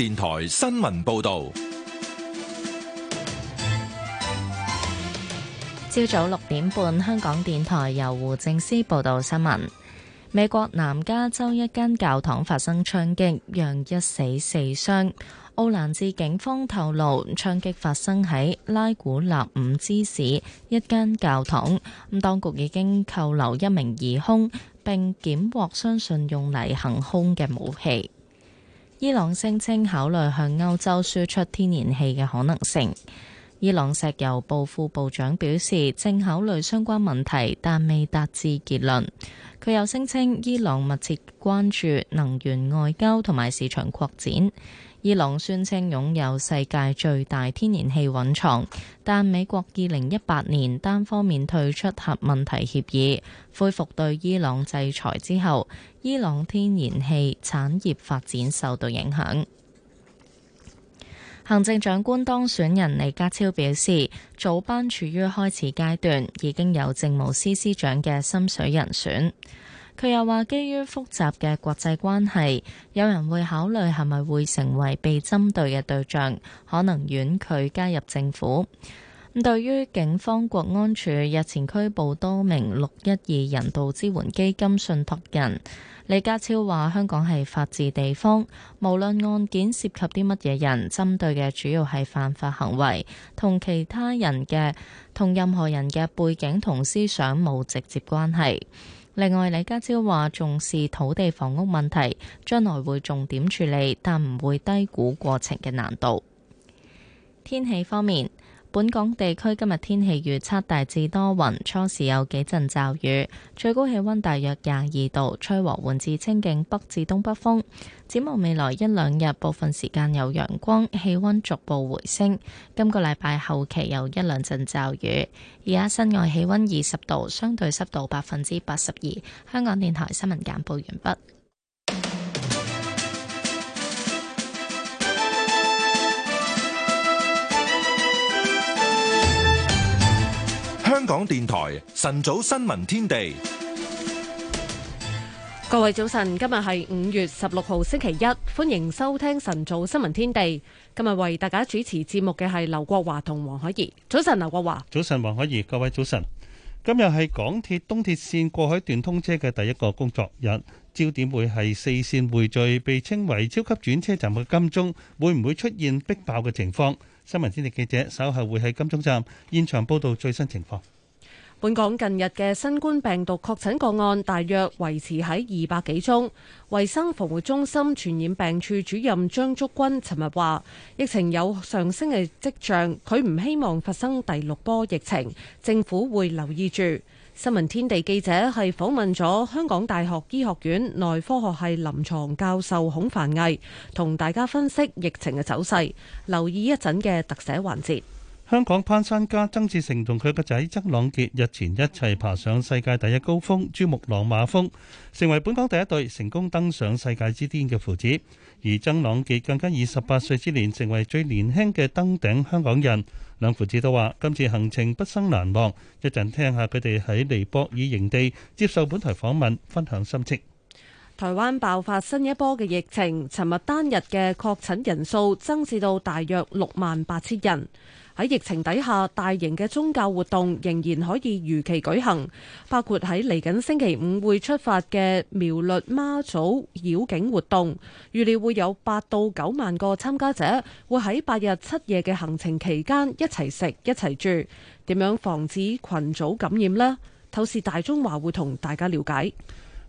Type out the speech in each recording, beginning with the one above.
電台新聞報道：朝早六點半，香港電台由胡政思報道新聞。美國南加州一間教堂發生槍擊，讓一死四傷。奧蘭治警方透露，槍擊發生喺拉古納伍茲市一間教堂。咁，當局已經扣留一名疑兇，並檢獲相信用嚟行兇嘅武器。伊朗聲稱考慮向歐洲輸出天然氣嘅可能性。伊朗石油部副部長表示，正考慮相關問題，但未達至結論。佢又聲稱，伊朗密切關注能源外交同埋市場擴展。伊朗宣稱擁有世界最大天然氣蘊藏，但美國二零一八年單方面退出核問題協議，恢復對伊朗制裁之後，伊朗天然氣產業發展受到影響。行政長官當選人李家超表示，組班處於開始階段，已經有政務司司長嘅心水人選。佢又話，基於複雜嘅國際關係，有人會考慮係咪會成為被針對嘅對象，可能婉拒加入政府。咁對於警方國安處日前拘捕多名六一二人道支援基金信託人，李家超話：香港係法治地方，無論案件涉及啲乜嘢人，針對嘅主要係犯法行為，同其他人嘅同任何人嘅背景同思想冇直接關係。另外，李家超話重視土地房屋問題，將來會重點處理，但唔會低估過程嘅難度。天氣方面。本港地區今日天氣預測，大致多雲，初時有幾陣驟雨，最高氣溫大約廿二度，吹和緩至清勁北至東北風。展望未來一兩日，部分時間有陽光，氣溫逐步回升。今個禮拜後期有一兩陣驟雨。而家室外氣溫二十度，相對濕度百分之八十二。香港電台新聞簡報完畢。港電台晨早新聞天地，各位早晨，今日係五月十六號星期一，歡迎收聽晨早新聞天地。今日為大家主持節目嘅係劉國華同黃海怡。早晨，劉國華。早晨，黃海怡。各位早晨，今日係港鐵東鐵綫過海段通車嘅第一個工作日，焦點會係四綫匯聚，被稱為超級轉車站嘅金鐘會唔會出現逼爆嘅情況？新聞天地記者稍後會喺金鐘站現場報道最新情況。本港近日嘅新冠病毒確診個案大約維持喺二百幾宗，衛生防護中心傳染病處主任張竹、竹君尋日話，疫情有上升嘅跡象，佢唔希望發生第六波疫情，政府會留意住。新聞天地記者係訪問咗香港大學醫學院內科學系臨床教授孔凡毅，同大家分析疫情嘅走勢，留意一陣嘅特寫環節。香港攀山家曾志成同佢個仔曾朗杰日前一齊爬上世界第一高峰珠穆朗瑪峰，成為本港第一對成功登上世界之巔嘅父子。而曾朗杰更加以十八歲之年成為最年輕嘅登頂香港人。兩父子都話今次行程不生難忘。一陣聽下佢哋喺尼泊爾營、營地接受本台訪問，分享心情。台灣爆發新一波嘅疫情，尋日單日嘅確診人數增至到大約六萬八千人。喺疫情底下，大型嘅宗教活動仍然可以如期舉行，包括喺嚟緊星期五會出發嘅苗栗媽祖繞境活動，預料會有八到九萬個參加者，會喺八日七夜嘅行程期間一齊食一齊住，點樣防止群組感染呢？透視大中華會同大家了解。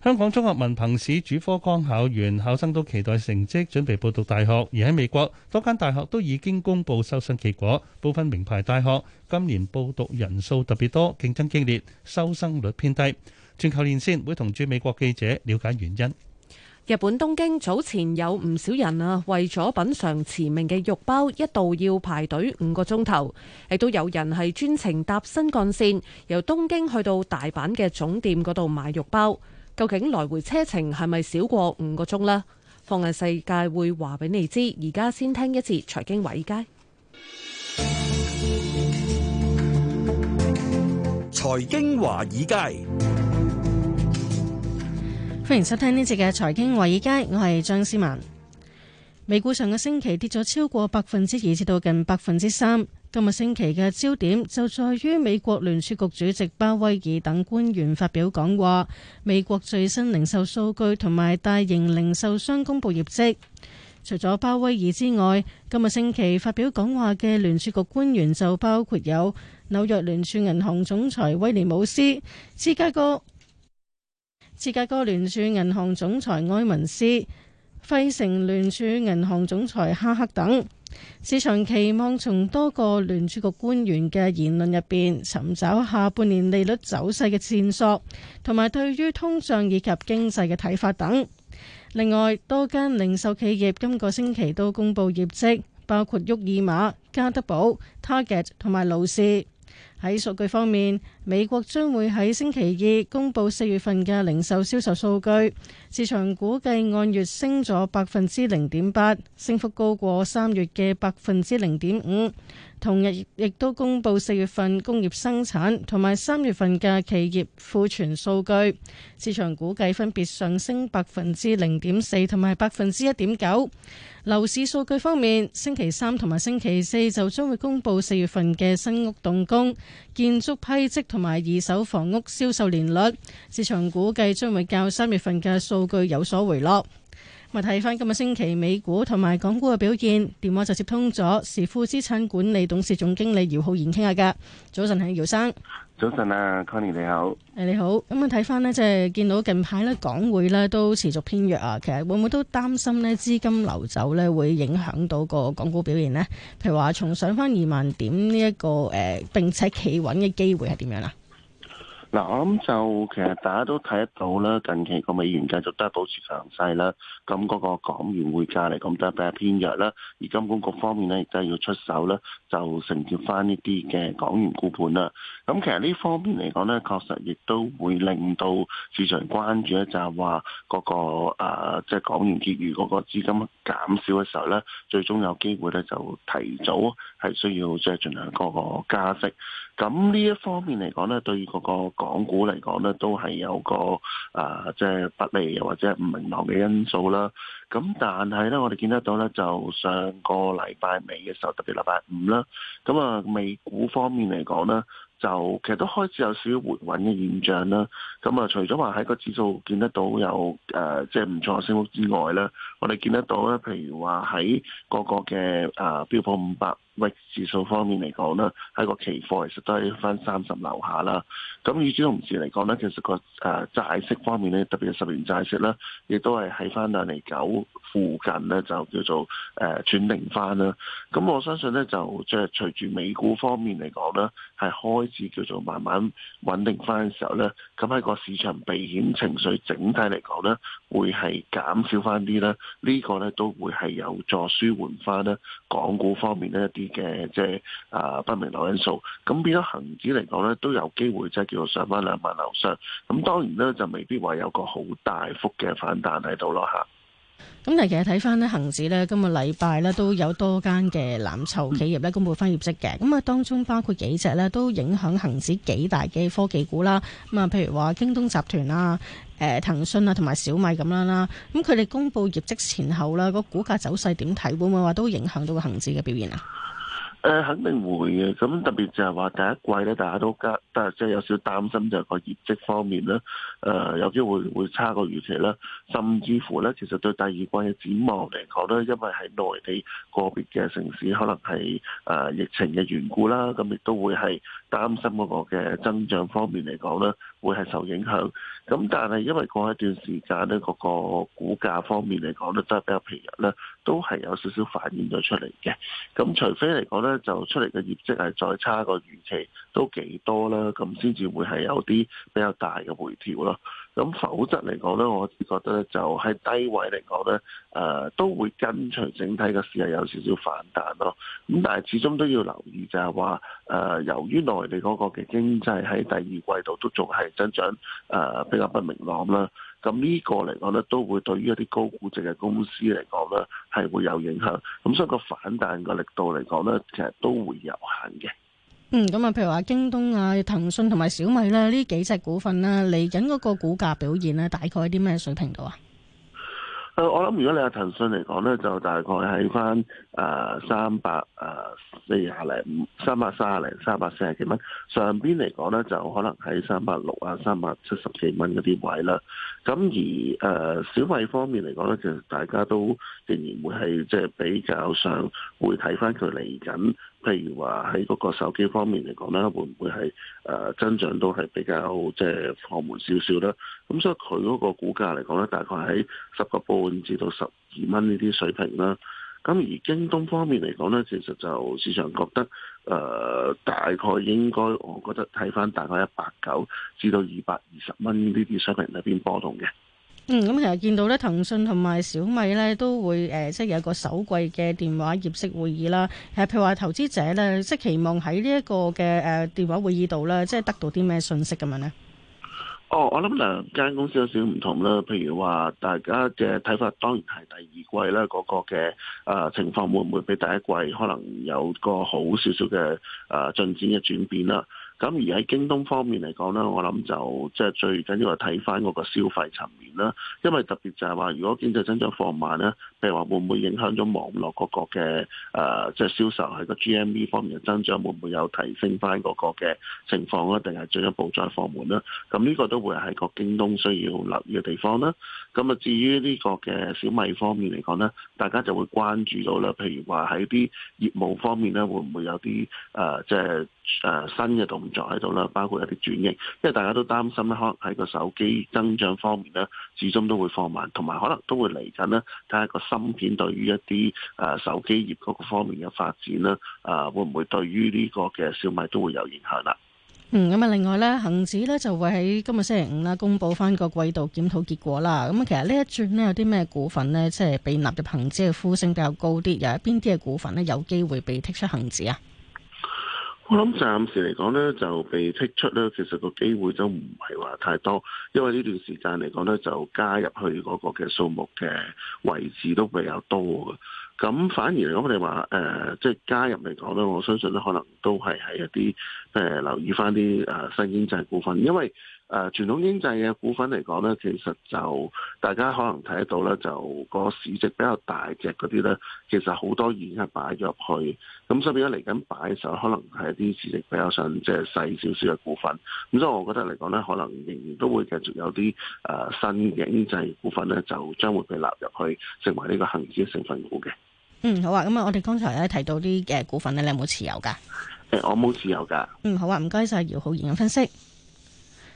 香港中學文憑試主科剛考完，考生都期待成績，準備報讀大學。而喺美國，多間大學都已經公布收生結果，部分名牌大學今年報讀人數特別多，競爭激烈，收生率偏低。全球連線會同駐美國記者了解原因。日本東京早前有唔少人啊，為咗品嘗馳名嘅肉包，一度要排隊五個鐘頭，亦都有人係專程搭新幹線由東京去到大阪嘅總店嗰度買肉包。究竟來回車程係咪少過五個鐘呢？放眼世界會話俾你知，而家先聽一次財經華爾街。財經華爾街，歡迎收聽呢節嘅財經華爾街。我係張思文，美股上個星期跌咗超過百分之二，至到近百分之三。今日星期嘅焦點就在於美國聯儲局主席鮑威爾等官員發表講話，美國最新零售數據同埋大型零售商公布業績。除咗鮑威爾之外，今日星期發表講話嘅聯儲局官員就包括有紐約聯儲銀行總裁威廉姆斯、芝加哥芝加哥聯儲銀行總裁埃文斯、費城聯儲銀行總裁哈克等。市場期望從多個聯儲局官員嘅言論入邊尋找下半年利率走勢嘅線索，同埋對於通脹以及經濟嘅睇法等。另外，多間零售企業今個星期都公布業績，包括沃爾瑪、加德寶、Target 同埋勞士。喺數據方面，美國將會喺星期二公佈四月份嘅零售銷售數據，市場估計按月升咗百分之零點八，升幅高過三月嘅百分之零點五。同日亦都公佈四月份工業生產同埋三月份嘅企業庫存數據，市場估計分別上升百分之零點四同埋百分之一點九。樓市數據方面，星期三同埋星期四就將會公佈四月份嘅新屋動工、建築批則同埋二手房屋銷售年率，市場估計將會較三月份嘅數據有所回落。咪睇翻今日星期美股同埋港股嘅表現，電話就接通咗時富資產管理董事總經理姚浩賢傾下噶。早晨，係姚生。早晨啊，Connie 你好。誒、哎，你好。咁啊，睇翻呢，即係見到近排呢港匯呢都持續偏弱啊。其實會唔會都擔心呢資金流走呢會影響到個港股表現呢。譬如話從上翻二萬點呢、這、一個誒、呃，並且企穩嘅機會係點樣啊？嗱，咁就其實大家都睇得到啦，近期個美元繼續都係保持強勢啦，咁嗰個港元匯價嚟講都係比較偏弱啦，而金管局方面呢，亦都係要出手啦，就承接翻呢啲嘅港元沽盤啦。咁其實呢方面嚟講呢，確實亦都會令到市場關注咧，就係話嗰個誒即係港元結餘嗰個資金減少嘅時候呢，最終有機會呢，就提早係需要即係進行嗰個加息。咁呢一方面嚟講咧，對嗰個港股嚟講咧，都係有個啊、呃，即係不利又或者唔明朗嘅因素啦。咁但係咧，我哋見得到咧，就上個禮拜尾嘅時候，特別禮拜五啦。咁啊，美股方面嚟講咧，就其實都開始有少少回穩嘅現象啦。咁啊，除咗話喺個指數見得到有誒、呃，即係唔錯嘅升幅之外咧，我哋見得到咧，譬如話喺個個嘅啊標普五百位指數方面嚟講呢，喺個期貨其實都係翻三十樓下啦。咁與此同時嚟講呢，其實、個誒、呃、債息方面呢，特別係十年債息啦，亦都係喺翻兩厘九附近呢就叫做誒、呃、轉定翻啦。咁我相信呢，就即係隨住美股方面嚟講呢係開始叫做慢慢穩定翻嘅時候呢，咁喺個市場避險情緒整體嚟講呢會係減少翻啲啦。呢、呢個呢都會係有助舒緩翻呢港股方面呢一啲。嘅即係啊不明朗因素，咁變咗恒指嚟講呢，都有機會即係叫做上翻兩萬樓上。咁當然咧，就未必話有個好大幅嘅反彈喺度咯嚇。咁但係其實睇翻呢，恒指呢，今日禮拜呢，都有多間嘅藍籌企業呢，公佈翻業績嘅。咁啊，當中包括幾隻呢，都影響恒指幾大嘅科技股啦。咁啊，譬如話京東集團啦、誒騰訊啊、同埋小米咁樣啦。咁佢哋公佈業績前後咧，個股價走勢點睇？會唔會話都影響到個恒指嘅表現啊？誒，肯定會嘅，咁特別就係話第一季咧，大家都加，但即係有少擔心就係個業績方面咧，誒，有機會會差過預期啦，甚至乎咧，其實對第二季嘅展望嚟講咧，因為喺內地個別嘅城市可能係誒疫情嘅緣故啦，咁亦都會係擔心嗰個嘅增長方面嚟講咧，會係受影響。咁但係因為過一段時間咧，嗰、嗰個股價方面嚟講咧，都係比較平日啦。都係有少少反映咗出嚟嘅，咁除非嚟講咧，就出嚟嘅業績係再差個預期都幾多啦，咁先至會係有啲比較大嘅回調咯。咁否則嚟講咧，我覺得咧就喺低位嚟講咧，誒、呃、都會跟隨整體嘅市勢有少少反彈咯。咁但係始終都要留意就係話誒，由於內地嗰個嘅經濟喺第二季度都仲係增長誒、呃、比較不明朗啦。咁呢個嚟講咧，都會對於一啲高估值嘅公司嚟講咧，係會有影響。咁所以個反彈個力度嚟講咧，其實都會有限嘅。嗯，咁啊，譬如話京東啊、騰訊同埋小米咧，呢幾隻股份咧，嚟緊嗰個股價表現咧，大概喺啲咩水平度啊？我諗如果你阿、啊、騰訊嚟講咧，就大概喺翻誒三百誒四廿零、三百三廿零、三百四廿幾蚊。上邊嚟講咧，就可能喺三百六啊、三百七十幾蚊嗰啲位啦。咁而誒、呃、小米方面嚟講咧，就大家都仍然會係即係比較上會睇翻佢嚟緊。譬如話喺嗰個手機方面嚟講咧，會唔會係誒、呃、增長都係比較即係放緩少少啦。咁、就是、所以佢嗰個股價嚟講咧，大概喺十個半至到十二蚊呢啲水平啦。咁而京東方面嚟講咧，其實就市場覺得誒、呃、大概應該，我覺得睇翻大概一百九至到二百二十蚊呢啲水平入邊波動嘅。嗯，咁其實見到咧，騰訊同埋小米咧都會誒、呃，即係有一個首季嘅電話業績會議啦。誒、呃，譬如話投資者咧，即係期望喺呢一個嘅誒電話會議度咧，即係得到啲咩信息咁樣呢？哦，我諗兩間公司有少少唔同啦。譬如話，大家嘅睇法當然係第二季咧，嗰個嘅啊、呃、情況會唔會比第一季可能有個好少少嘅啊、呃、進展嘅轉變啦。咁而喺京東方面嚟講咧，我諗就即係最緊要係睇翻嗰個消費層面啦。因為特別就係話如果經濟增長放慢咧，譬如話會唔會影響咗網絡嗰個嘅誒即係銷售喺個 GMV 方面嘅增長會唔會有提升翻嗰個嘅情況啊定係進一步再放緩啦，咁呢個都會係個京東需要留意嘅地方啦。咁啊，至於呢個嘅小米方面嚟講咧，大家就會關注到啦。譬如話喺啲業務方面咧，會唔會有啲誒即係誒新嘅動在喺度啦，包括有啲轉型，因為大家都擔心咧，可能喺個手機增長方面咧，始終都會放慢，同埋可能都會嚟緊咧睇下個芯片對於一啲誒、啊、手機業嗰個方面嘅發展啦。誒、啊，會唔會對於呢個嘅小米都會有影響啦？嗯，咁啊，另外咧，恆指咧就會喺今日星期五啦，公布翻個季度檢討結果啦。咁其實呢一轉咧有啲咩股份咧，即係被納入恒指嘅呼聲比較高啲，又有邊啲嘅股份咧有機會被剔出恒指啊？我諗暫時嚟講咧，就被剔出咧，其實個機會都唔係話太多，因為呢段時間嚟講咧，就加入去嗰個嘅數目嘅位置都比較多嘅。咁反而嚟講，我哋話誒，即、呃、係、就是、加入嚟講咧，我相信咧，可能都係喺一啲誒、呃、留意翻啲誒新經濟股份，因為，誒傳統經濟嘅股份嚟講咧，其實就大家可能睇得到咧，就個市值比較大隻嗰啲咧，其實好多已經係擺咗入去。咁所以，嚟緊擺嘅可能係啲市值比較上即係細少少嘅股份。咁所以，我覺得嚟講咧，可能仍然都會繼續有啲誒新經濟股份咧，就將會被納入去成為呢個恆指成分股嘅。嗯，好啊。咁啊，我哋剛才咧提到啲嘅股份咧，你有冇持有㗎？誒、欸，我冇持有㗎。嗯，好啊。唔該晒，姚浩然嘅分析。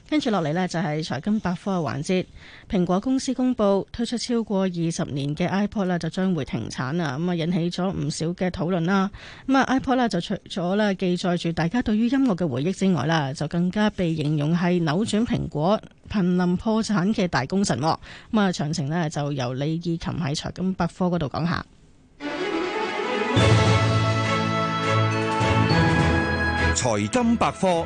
跟住落嚟呢，就係財金百科嘅環節。蘋果公司公佈推出超過二十年嘅 iPod 呢，就將會停產啊！咁啊，引起咗唔少嘅討論啦。咁、嗯、啊，iPod 呢就除咗呢記載住大家對於音樂嘅回憶之外啦，就更加被形容係扭轉蘋果瀕臨破產嘅大功臣。咁、嗯、啊，詳情呢，就由李義琴喺財金百科嗰度講下。財金百科。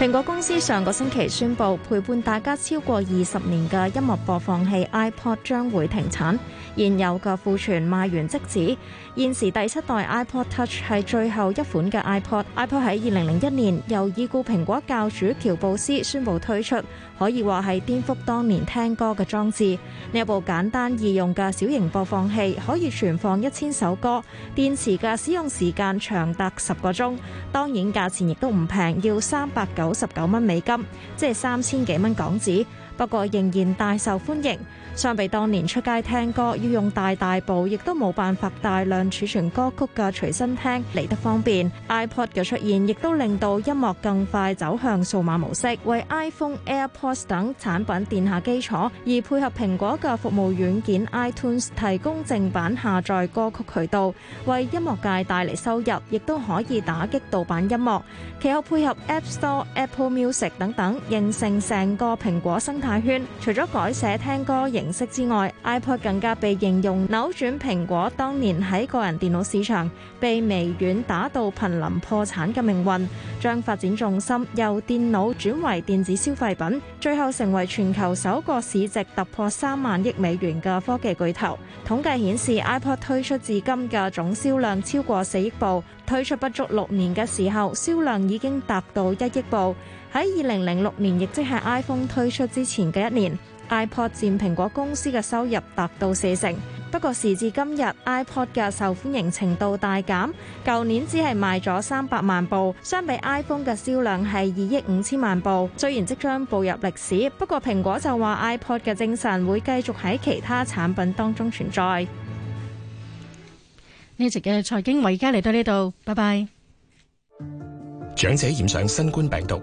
蘋果公司上個星期宣布，陪伴大家超過二十年嘅音樂播放器 iPod 將會停產。現有嘅庫存賣完即止。現時第七代 iPod Touch 係最後一款嘅 iPod。iPod 喺二零零一年由已故蘋果教主喬布斯宣布推出，可以話係顛覆當年聽歌嘅裝置。呢一部簡單易用嘅小型播放器可以存放一千首歌，電池嘅使用時間長達十個鐘。當然價錢亦都唔平，要三百九十九蚊美金，即係三千幾蚊港紙。不過仍然大受歡迎，相比當年出街聽歌要用大大部，亦都冇辦法大量儲存歌曲嘅隨身聽嚟得方便。iPod 嘅出現，亦都令到音樂更快走向數碼模式，為 iPhone、AirPods 等產品奠下基礎。而配合蘋果嘅服務軟件 iTunes 提供正版下載歌曲渠道，為音樂界帶嚟收入，亦都可以打擊盜版音樂。其後配合 App Store、Apple Music 等等，形成成個蘋果生態。圈除咗改寫聽歌形式之外，iPod 更加被形容扭轉蘋果當年喺個人電腦市場被微軟打到瀕臨破產嘅命運，將發展重心由電腦轉為電子消費品，最後成為全球首個市值突破三萬億美元嘅科技巨頭。統計顯示，iPod 推出至今嘅總銷量超過四億部，推出不足六年嘅時候，銷量已經達到一億部。喺二零零六年，亦即係 iPhone 推出之前嘅一年，iPod 佔蘋果公司嘅收入達到四成。不過時至今日，iPod 嘅受歡迎程度大減，舊年只係賣咗三百萬部，相比 iPhone 嘅銷量係二億五千萬部。雖然即將步入歷史，不過蘋果就話 iPod 嘅精神會繼續喺其他產品當中存在。呢集嘅財經維嘉嚟到呢度，拜拜。長者染上新冠病毒。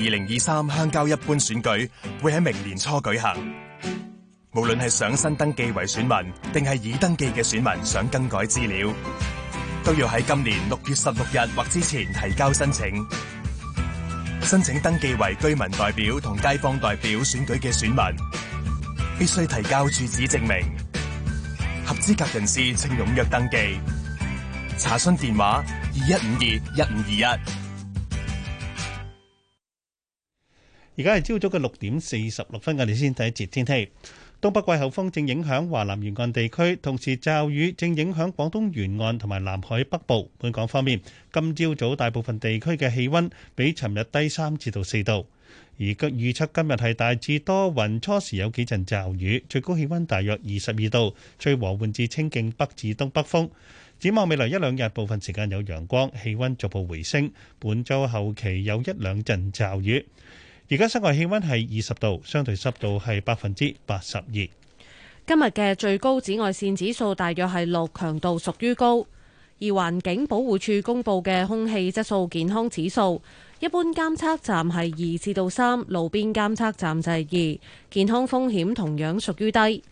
二零二三鄉郊一般選舉會喺明年初舉行。無論係想新登記為選民，定係已登記嘅選民想更改資料，都要喺今年六月十六日或之前提交申請。申請登記為居民代表同街坊代表選舉嘅選民，必須提交住址證明。合資格人士請踴躍登記。查詢電話：二一五二一五二一。而家係朝早嘅六點四十六分，我哋先睇一節天氣。東北季候風正影響華南沿岸地區，同時驟雨正影響廣東沿岸同埋南海北部。本港方面，今朝早大部分地區嘅氣溫比尋日低三至到四度。而據預測今日係大致多雲，初時有幾陣驟雨，最高氣溫大約二十二度，吹和緩至清勁北至東北風。展望未來一兩日，部分時間有陽光，氣溫逐步回升。本周後期有一兩陣驟雨。而家室外氣溫係二十度，相對濕度係百分之八十二。今日嘅最高紫外綫指數大約係六，強度屬於高。而環境保護處公佈嘅空氣質素健康指數，一般監測站係二至到三，路邊監測站就係二，健康風險同樣屬於低。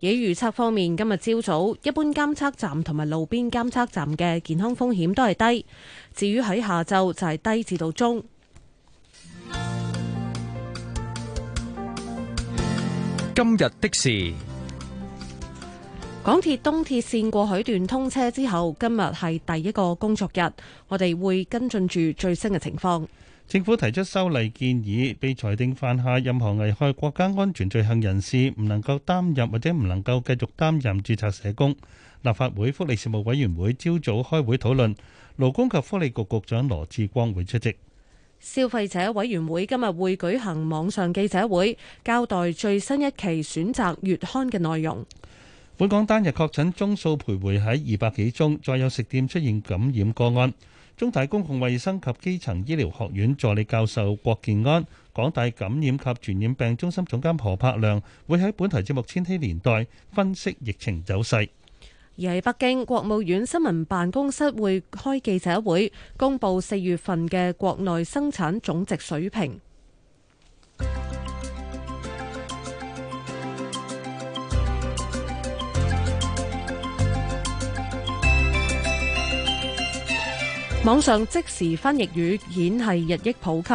而預測方面，今日朝早一般監測站同埋路邊監測站嘅健康風險都係低，至於喺下晝就係低至到中。今日的事，港鐵東鐵線過海段通車之後，今日係第一個工作日，我哋會跟進住最新嘅情況。政府提出修例建議，被裁定犯下任何危害國家安全罪行人士，唔能夠擔任或者唔能夠繼續擔任註冊社工。立法會福利事務委員會朝早開會討論，勞工及福利局局長羅致光會出席。消費者委員會今日會舉行網上記者會，交代最新一期選擇月刊嘅內容。本港單日確診宗數徘徊喺二百幾宗，再有食店出現感染個案。中大公共衛生及基層醫療學院助理教授郭健安、港大感染及傳染病中心總監何柏良會喺本台節目《千禧年代》分析疫情走勢。而喺北京，國務院新聞辦公室會開記者會，公布四月份嘅國內生產總值水平。網上即時翻譯語顯係日益普及。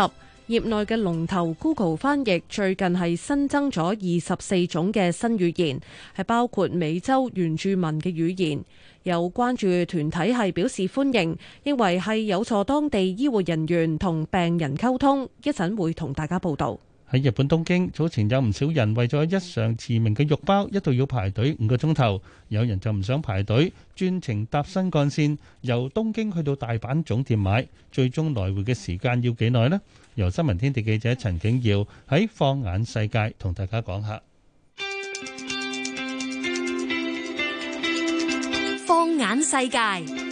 業內嘅龍頭 Google 翻譯最近係新增咗二十四種嘅新語言，係包括美洲原住民嘅語言。有關注團體係表示歡迎，認為係有助當地醫護人員同病人溝通。一陣會同大家報道。喺日本東京，早前有唔少人為咗一嘗馳名嘅肉包，一度要排隊五個鐘頭。有人就唔想排隊，專程搭新幹線由東京去到大阪總店買。最終來回嘅時間要幾耐呢？由新聞天地記者陳景耀喺放眼世界同大家講下。放眼世界。世界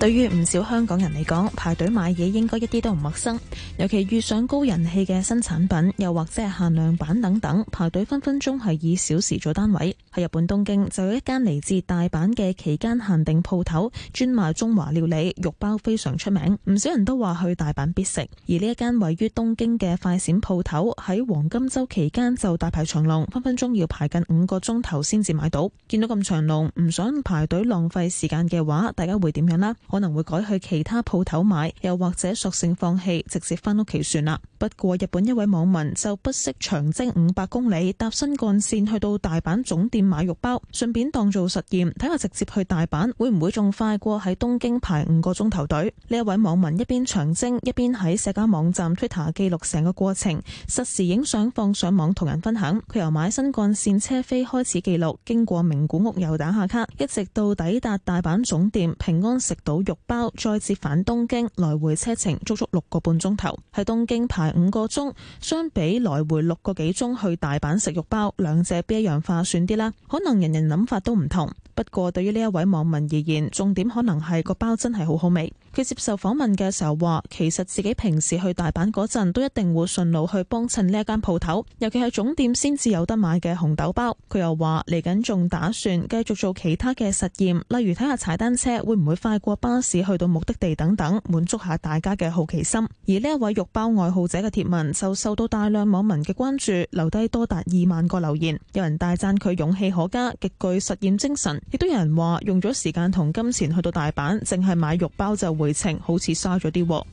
對於唔少香港人嚟講，排隊買嘢應該一啲都唔陌生。尤其遇上高人氣嘅新產品，又或者係限量版等等，排隊分分鐘係以小時做單位。喺日本東京就有一間嚟自大阪嘅期間限定鋪頭，專賣中華料理肉包，非常出名，唔少人都話去大阪必食。而呢一間位於東京嘅快閃鋪頭喺黃金週期間就大排長龍，分分鐘要排近五個鐘頭先至買到。見到咁長龍，唔想排隊浪費時間嘅話，大家會點樣呢？可能會改去其他鋪頭買，又或者索性放棄，直接返屋企算啦。不過日本一位網民就不惜長征五百公里，搭新幹線去到大阪總店。買肉包，順便當做實驗，睇下直接去大阪會唔會仲快過喺東京排五個鐘頭隊。呢一位網民一邊長征，一邊喺社交網站 Twitter 記錄成個過程，實時影相放上網同人分享。佢由買新幹線車飛開始記錄，經過名古屋又打下卡，一直到抵達大阪總店平安食到肉包，再折返東京，來回車程足足六個半鐘頭。喺東京排五個鐘，相比來回六個幾鐘去大阪食肉包，兩者邊一樣化算啲啦？可能人人諗法都唔同，不過對於呢一位網民而言，重點可能係個包真係好好味。佢接受訪問嘅時候話：其實自己平時去大阪嗰陣都一定會順路去幫襯呢一間鋪頭，尤其係總店先至有得買嘅紅豆包。佢又話：嚟緊仲打算繼續做其他嘅實驗，例如睇下踩單車會唔會快過巴士去到目的地等等，滿足下大家嘅好奇心。而呢一位肉包愛好者嘅帖文就受到大量網民嘅關注，留低多達二萬個留言。有人大讚佢勇氣可嘉，極具實驗精神；亦都有人話用咗時間同金錢去到大阪，淨係買肉包就會。回程好似嘥咗啲，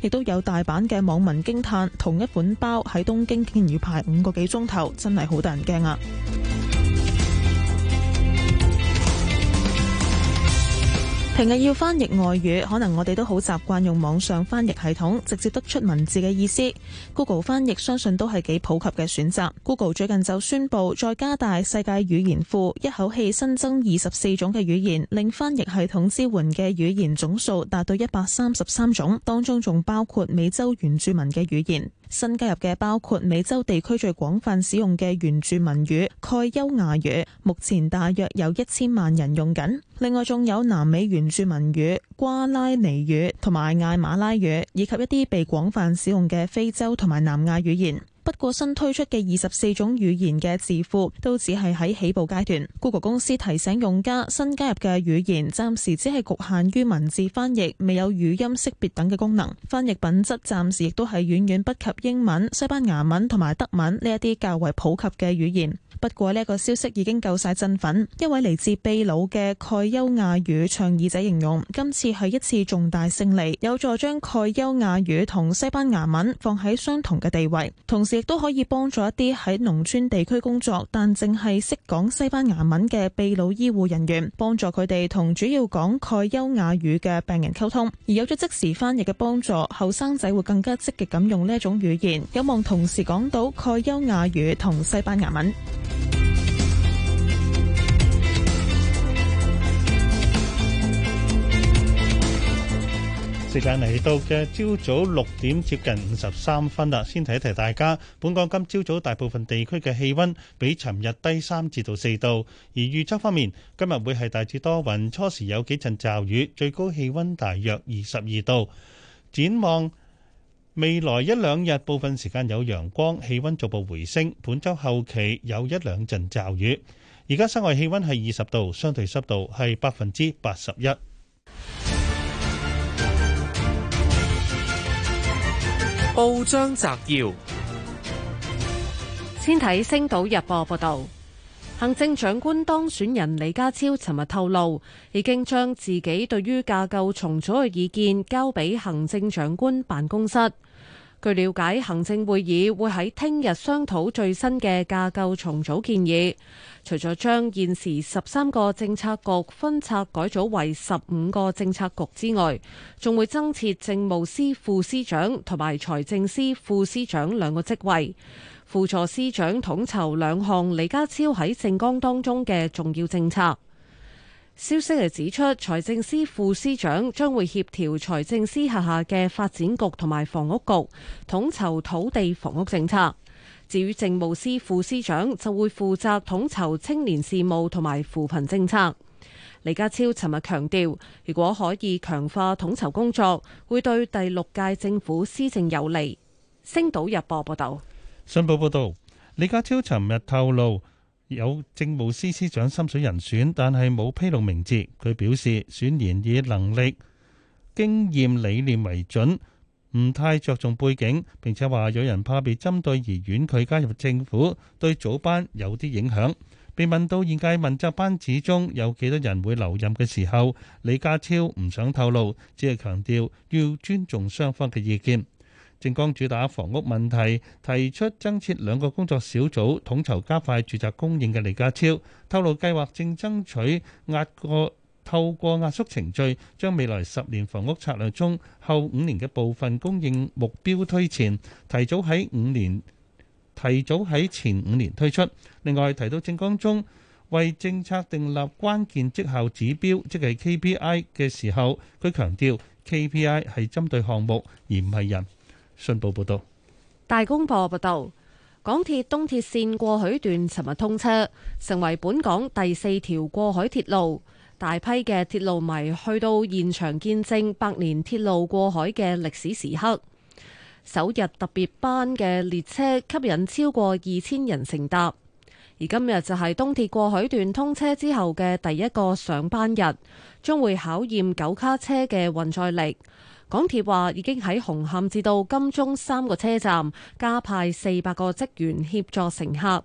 亦都有大阪嘅網民驚嘆，同一款包喺東京竟然要排五個幾鐘頭，真係好得人驚啊！平日要翻譯外語，可能我哋都好習慣用網上翻譯系統，直接得出文字嘅意思。Google 翻譯相信都係幾普及嘅選擇。Google 最近就宣布再加大世界語言庫，一口氣新增二十四種嘅語言，令翻譯系統支援嘅語言總數達到一百三十三種，當中仲包括美洲原住民嘅語言。新加入嘅包括美洲地區最廣泛使用嘅原住民語蓋丘亞語，目前大約有一千萬人用緊，另外仲有南美原住民語瓜拉尼語同埋艾馬拉語，以及一啲被廣泛使用嘅非洲同埋南亞語言。不過新推出嘅二十四種語言嘅字庫都只係喺起步階段。Google 公司提醒用家，新加入嘅語言暫時只係局限於文字翻譯，未有語音識別等嘅功能。翻譯品質暫時亦都係遠遠不及英文、西班牙文同埋德文呢一啲較為普及嘅語言。不過呢一個消息已經夠晒振奮。一位嚟自秘魯嘅蓋丘亞語倡議者形容，今次係一次重大勝利，有助將蓋丘亞語同西班牙文放喺相同嘅地位，同時亦都可以幫助一啲喺農村地區工作但淨係識講西班牙文嘅秘魯醫護人員，幫助佢哋同主要講蓋丘亞語嘅病人溝通。而有咗即時翻譯嘅幫助，後生仔會更加積極咁用呢一種語言，有望同時講到蓋丘亞語同西班牙文。時間嚟到嘅朝早六點接近五十三分啦，先提一提大家。本港今朝早大部分地區嘅氣溫比尋日低三至到四度。而預測方面，今日會係大致多雲，初時有幾陣驟雨，最高氣溫大約二十二度。展望。未來一兩日部分時間有陽光，氣温逐步回升。本周後期有一兩陣驟雨。而家室外氣温係二十度，相對濕度係百分之八十一。報章摘要，先睇《星島日報》報導，行政長官當選人李家超尋日透露，已經將自己對於架構重組嘅意見交俾行政長官辦公室。據了解，行政會議會喺聽日商討最新嘅架構重組建議。除咗將現時十三個政策局分拆改組為十五個政策局之外，仲會增設政務司副司長同埋財政司副司長兩個職位，輔助司長統籌兩項李家超喺政綱當中嘅重要政策。消息係指出，財政司副司長將會協調財政司轄下嘅發展局同埋房屋局，統籌土地房屋政策。至於政務司副司長就會負責統籌青年事務同埋扶貧政策。李家超尋日強調，如果可以強化統籌工作，會對第六屆政府施政有利。星島日報報道。信報報道。李家超尋日透露。有政務司司長心水人選，但係冇披露名字。佢表示選賢以能力、經驗、理念為準，唔太着重背景。並且話有人怕被針對而婉拒加入政府，對早班有啲影響。被問到現屆問責班子中有幾多人會留任嘅時候，李家超唔想透露，只係強調要尊重雙方嘅意見。政綱主打房屋問題，提出增設兩個工作小組，統籌加快住宅供應嘅李家超透露，計劃正爭取壓過透過壓縮程序，將未來十年房屋策略中後五年嘅部分供應目標推前，提早喺五年提早喺前五年推出。另外提到政綱中為政策訂立關鍵績效指標，即係 KPI 嘅時候，佢強調 KPI 係針對項目而唔係人。信報報道，大公報報道，港鐵東鐵綫過海段尋日通車，成為本港第四條過海鐵路。大批嘅鐵路迷去到現場見證百年鐵路過海嘅歷史時刻。首日特別班嘅列車吸引超過二千人乘搭。而今日就係東鐵過海段通車之後嘅第一個上班日，將會考驗九卡車嘅運載力。港鐵話已經喺紅磡至到金鐘三個車站加派四百個職員協助乘客。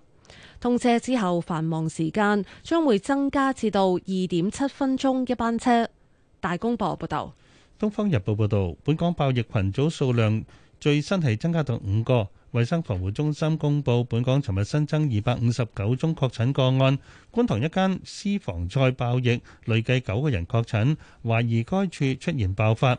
通車之後繁忙時間將會增加至到二點七分鐘一班車。大公報報道。《東方日報》報道，本港爆疫群組數量最新係增加到五個。衞生防護中心公布，本港尋日新增二百五十九宗確診個案。觀塘一間私房菜爆疫，累計九個人確診，懷疑該處出現爆發。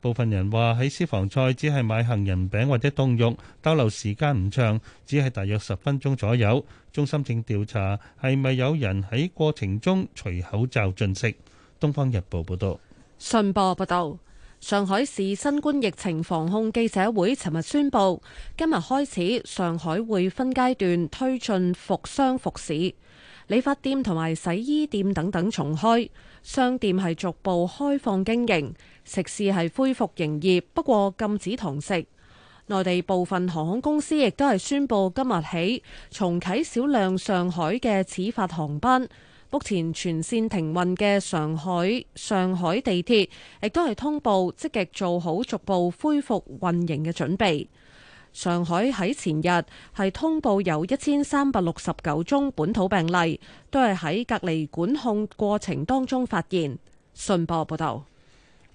部分人話喺私房菜只係買杏仁餅或者冬肉，逗留時間唔長，只係大約十分鐘左右。中心正調查係咪有人喺過程中除口罩進食。《東方日報》報道，信報報道，上海市新冠疫情防控記者會尋日宣布，今日開始上海會分階段推進復商復市、理髮店同埋洗衣店等等重開。商店係逐步開放經營，食肆係恢復營業，不過禁止堂食。內地部分航空公司亦都係宣布今日起重啟少量上海嘅始發航班。目前全線停運嘅上海、上海地鐵亦都係通報積極做好逐步恢復運營嘅準備。上海喺前日係通報有一千三百六十九宗本土病例，都係喺隔離管控過程當中發現。信報報道，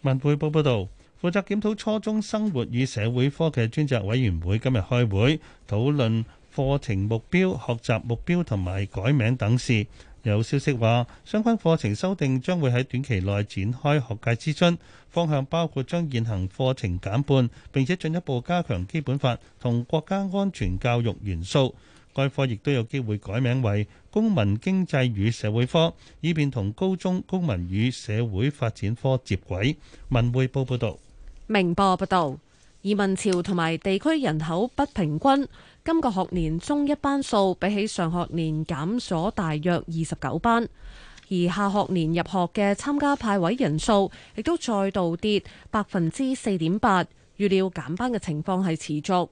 文匯報報道，負責檢討初中生活與社會科嘅專責委員會今日開會討論課程目標、學習目標同埋改名等事。有消息話，相關課程修訂將會喺短期內展開學界諮詢，方向包括將現行課程減半，並且進一步加強基本法同國家安全教育元素。該科亦都有機會改名為公民經濟與社會科，以便同高中公民與社會發展科接軌。文匯報報道：「明報報道，移民潮同埋地區人口不平均。今個學年中一班數比起上學年減咗大約二十九班，而下學年入學嘅參加派位人數亦都再度跌百分之四點八，預料減班嘅情況係持續。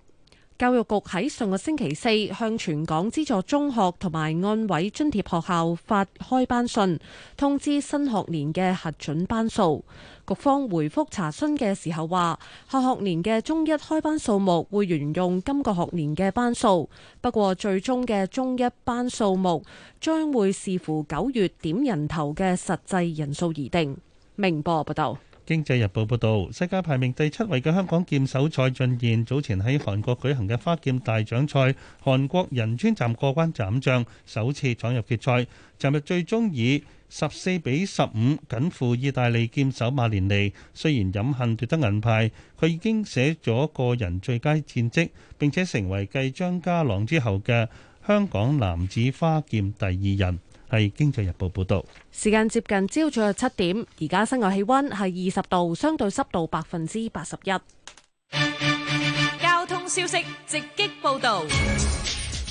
教育局喺上個星期四向全港資助中學同埋按位津貼學校發開班信，通知新學年嘅核准班數。局方回復查詢嘅時候話，學學年嘅中一開班數目會沿用今個學年嘅班數，不過最終嘅中一班數目將會視乎九月點人頭嘅實際人數而定。明報報道。經濟日報報導，世界排名第七位嘅香港劍手蔡俊彥早前喺韓國舉行嘅花劍大獎賽，韓國仁川站過關斬將，首次闖入決賽，尋日最終以十四比十五僅負意大利劍手馬連尼，雖然飲恨奪得銀牌，佢已經寫咗個人最佳戰績，並且成為繼張家朗之後嘅香港男子花劍第二人。係《經濟日報》報道，時間接近朝早七點，而家室外氣溫係二十度，相對濕度百分之八十一。交通消息直擊報道。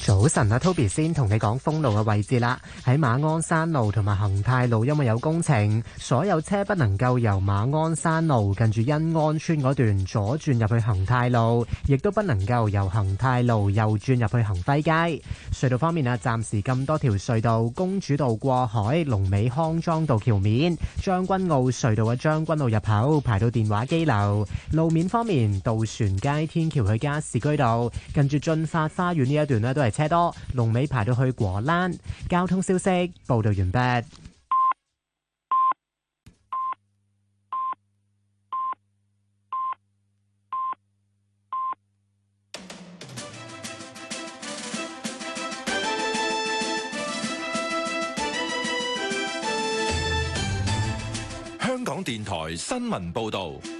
早晨阿 Toby 先同你講封路嘅位置啦。喺馬鞍山路同埋恒泰路，因為有工程，所有車不能夠由馬鞍山路近住欣安邨段左轉入去恒泰路，亦都不能夠由恒泰路右轉入去恒輝街。隧道方面啊，暫時咁多條隧道，公主道過海、龍尾康莊道橋面、將軍澳隧道嘅將軍澳入口排到電話機樓。路面方面，渡船街天橋去加士居道，近住駿發花園呢一段咧都係。車多，龍尾排到去果欄。交通消息報道完畢。香港電台新聞報道。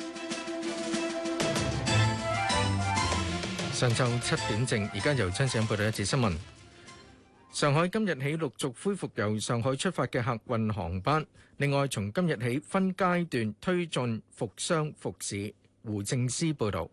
上晝七點正，而家由張尚報道一則新聞。上海今日起陸續恢復由上海出發嘅客運航班，另外從今日起分階段推進復商復市。胡正思報道，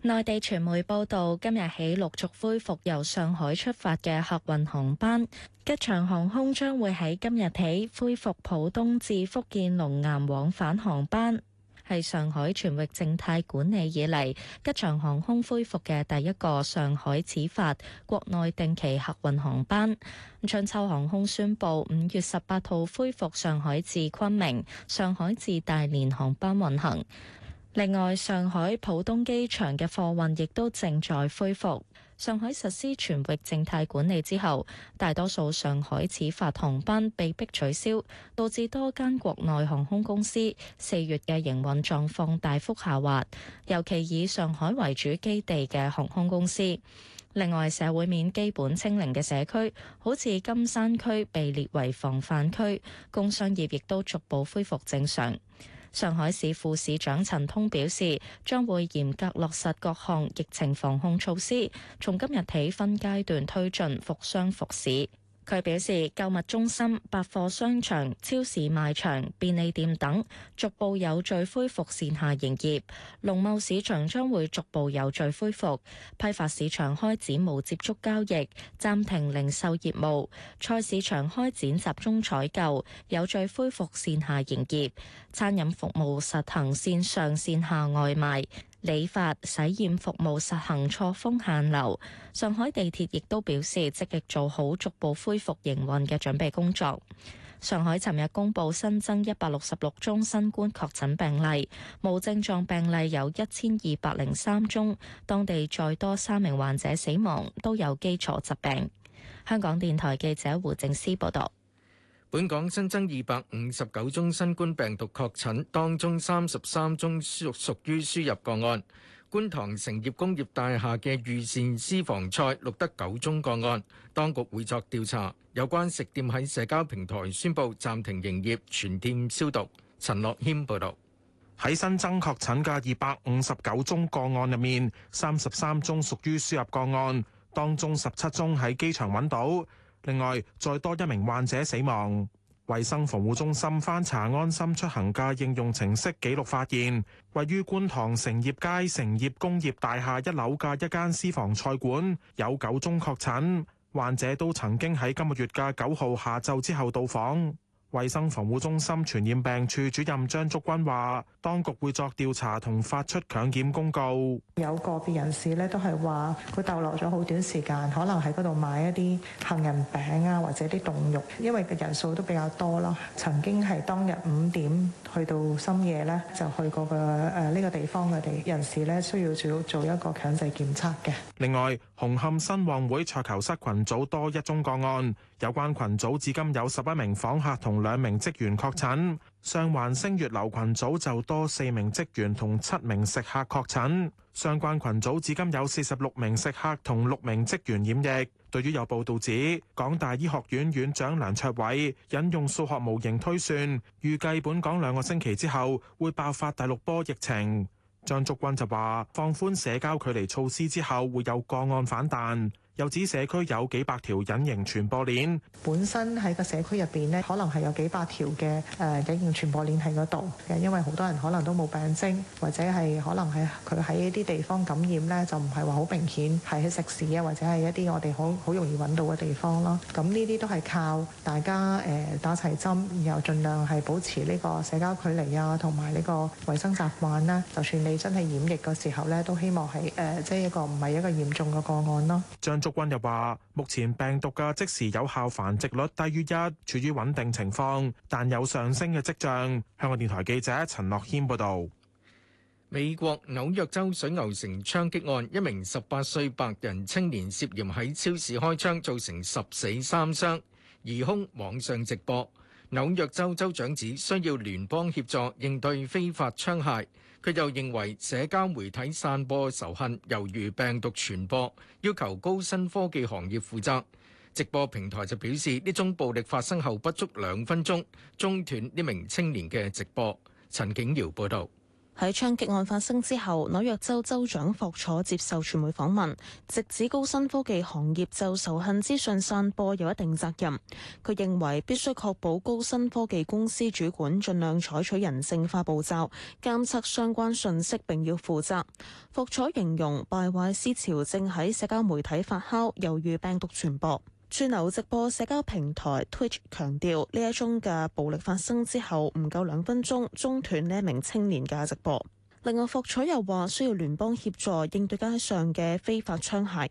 內地傳媒報道，今日起陸續恢復由上海出發嘅客運航班，吉祥航空將會喺今日起恢復浦東至福建龍岩往返航班。係上海全域靜態管理以嚟，吉祥航空恢復嘅第一個上海始發國內定期客運航班。春秋航空宣布五月十八號恢復上海至昆明、上海至大連航班運行。另外，上海浦東機場嘅貨運亦都正在恢復。上海實施全域靜態管理之後，大多數上海始發航班被迫取消，導致多間國內航空公司四月嘅營運狀況大幅下滑，尤其以上海為主基地嘅航空公司。另外，社會面基本清零嘅社區，好似金山區被列為防範區，工商業亦都逐步恢復正常。上海市副市長陳通表示，將會嚴格落實各項疫情防控措施，從今日起分階段推進復商復市。佢表示，購物中心、百貨商場、超市賣場、便利店等逐步有序恢復線下營業，農貿市場將會逐步有序恢復，批發市場開展無接觸交易，暫停零售業務，菜市場開展集中採購，有序恢復線下營業，餐飲服務實行線上線下外賣。理髮洗染服務實行錯峰限流，上海地鐵亦都表示積極做好逐步恢復營運嘅準備工作。上海尋日公布新增一百六十六宗新冠確診病例，無症狀病例有一千二百零三宗，當地再多三名患者死亡，都有基礎疾病。香港電台記者胡靜思報道。本港新增二百五十九宗新冠病毒確診，當中三十三宗屬屬於輸入個案。觀塘成業工業大廈嘅御膳私房菜錄得九宗個案，當局會作調查。有關食店喺社交平台宣布暫停營業，全店消毒。陳樂謙報道。喺新增確診嘅二百五十九宗個案入面，三十三宗屬於輸入個案，當中十七宗喺機場揾到。另外，再多一名患者死亡。衛生防護中心翻查安心出行嘅應用程式記錄發現，位於觀塘成業街成業工業大廈一樓嘅一間私房菜館有九宗確診，患者都曾經喺今個月嘅九號下晝之後到訪。衛生防護中心傳染病處主任張竹君話。當局會作調查同發出強檢公告。有個別人士咧都係話，佢逗留咗好短時間，可能喺嗰度買一啲杏仁餅啊，或者啲凍肉，因為個人數都比較多啦。曾經係當日五點去到深夜咧，就去過個誒呢個地方嘅地人士咧，需要做做一個強制檢測嘅。另外，紅磡新旺會桌球室群組多一宗個案，有關群組至今有十一名訪客同兩名職員確診。上環星月樓群組就多四名職員同七名食客確診，相關群組至今有四十六名食客同六名職員染疫。對於有報道指港大醫學院院長梁卓偉引用數學模型推算，預計本港兩個星期之後會爆發第六波疫情，張竹君就話放寬社交距離措施之後會有個案反彈。又指社區有幾百條隱形傳播鏈，本身喺個社區入邊呢，可能係有幾百條嘅誒隱形傳播鏈喺嗰度嘅，因為好多人可能都冇病徵，或者係可能係佢喺一啲地方感染咧，就唔係話好明顯，係喺食肆啊，或者係一啲我哋好好容易揾到嘅地方咯。咁呢啲都係靠大家誒、呃、打齊針，然後盡量係保持呢個社交距離啊，同埋呢個衞生習慣啦。就算你真係染疫嘅時候咧，都希望係誒即係一個唔係一個嚴重嘅個案咯。祝君又話：目前病毒嘅即時有效繁殖率低於一，處於穩定情況，但有上升嘅跡象。香港電台記者陳樂軒報導。美國紐約州水牛城槍擊案，一名十八歲白人青年涉嫌喺超市開槍，造成十死三傷，疑兇網上直播。紐約州州長指需要聯邦協助應對非法槍械。佢又認為社交媒體散播仇恨猶如病毒傳播，要求高新科技行業負責。直播平台就表示，呢種暴力發生後不足兩分鐘，中斷呢名青年嘅直播。陳景堯報導。喺槍擊案發生之後，紐約州州長霍楚接受傳媒訪問，直指高新科技行業就仇恨資訊散播有一定責任。佢認為必須確保高新科技公司主管盡量採取人性化步驟，監測相關信息並要負責。霍楚形容，敗壞思潮正喺社交媒體發酵，猶如病毒傳播。串流直播社交平台 Twitch 強調，呢一宗嘅暴力發生之後唔夠兩分鐘，中斷呢一名青年嘅直播。另外，霍彩又話需要聯邦協助應對街上嘅非法槍械。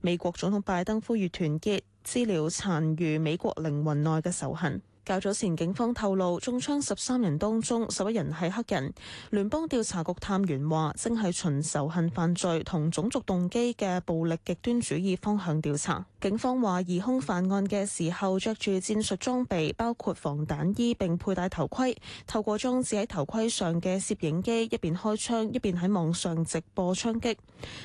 美國總統拜登呼籲團結，治療殘餘美國靈魂內嘅仇恨。較早前警方透露，中槍十三人當中十一人係黑人。聯邦調查局探員話，正係循仇恨犯罪同種族動機嘅暴力極端主義方向調查。警方話，疑兇犯案嘅時候着住戰術裝備，包括防彈衣並佩戴頭盔，透過裝置喺頭盔上嘅攝影機，一邊開槍一邊喺網上直播槍擊。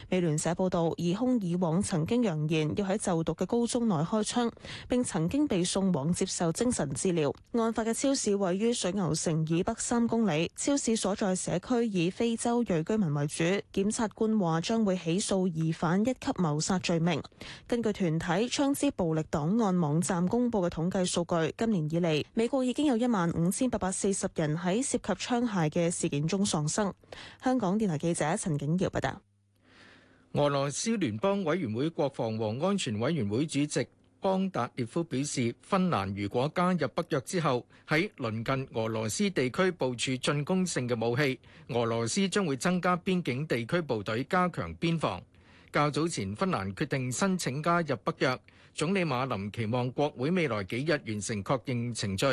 美聯社報導，疑兇以往曾經揚言要喺就讀嘅高中內開槍，並曾經被送往接受精神治治療。案發嘅超市位於水牛城以北三公里，超市所在社區以非洲裔居民為主。檢察官話將會起訴疑犯一級謀殺罪名。根據團體槍支暴力檔案網站公布嘅統計數據，今年以嚟美國已經有一萬五千八百四十人喺涉及槍械嘅事件中喪生。香港電台記者陳景瑤報道。俄羅斯聯邦委員會國防和安全委員會主席，邦達列夫表示，芬蘭如果加入北約之後，喺鄰近俄羅斯地區部署進攻性嘅武器，俄羅斯將會增加邊境地區部隊，加強邊防。較早前芬蘭決定申請加入北約，總理馬林期望國會未來幾日完成確認程序。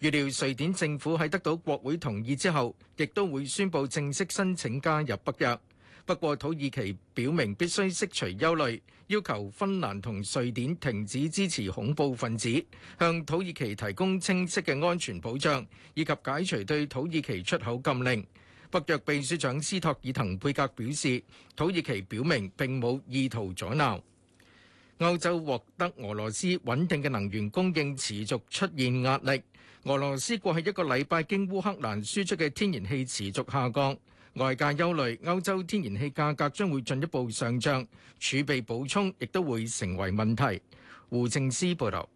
預料瑞典政府喺得到國會同意之後，亦都會宣布正式申請加入北約。不過土耳其表明必須釋除憂慮，要求芬蘭同瑞典停止支持恐怖分子，向土耳其提供清晰嘅安全保障，以及解除對土耳其出口禁令。北約秘書長斯托爾滕貝格表示，土耳其表明並冇意圖阻撓。歐洲獲得俄羅斯穩定嘅能源供應持續出現壓力，俄羅斯過去一個禮拜經烏克蘭輸出嘅天然氣持續下降。外界憂慮，歐洲天然氣價格將會進一步上漲，儲備補充亦都會成為問題。胡正思報道。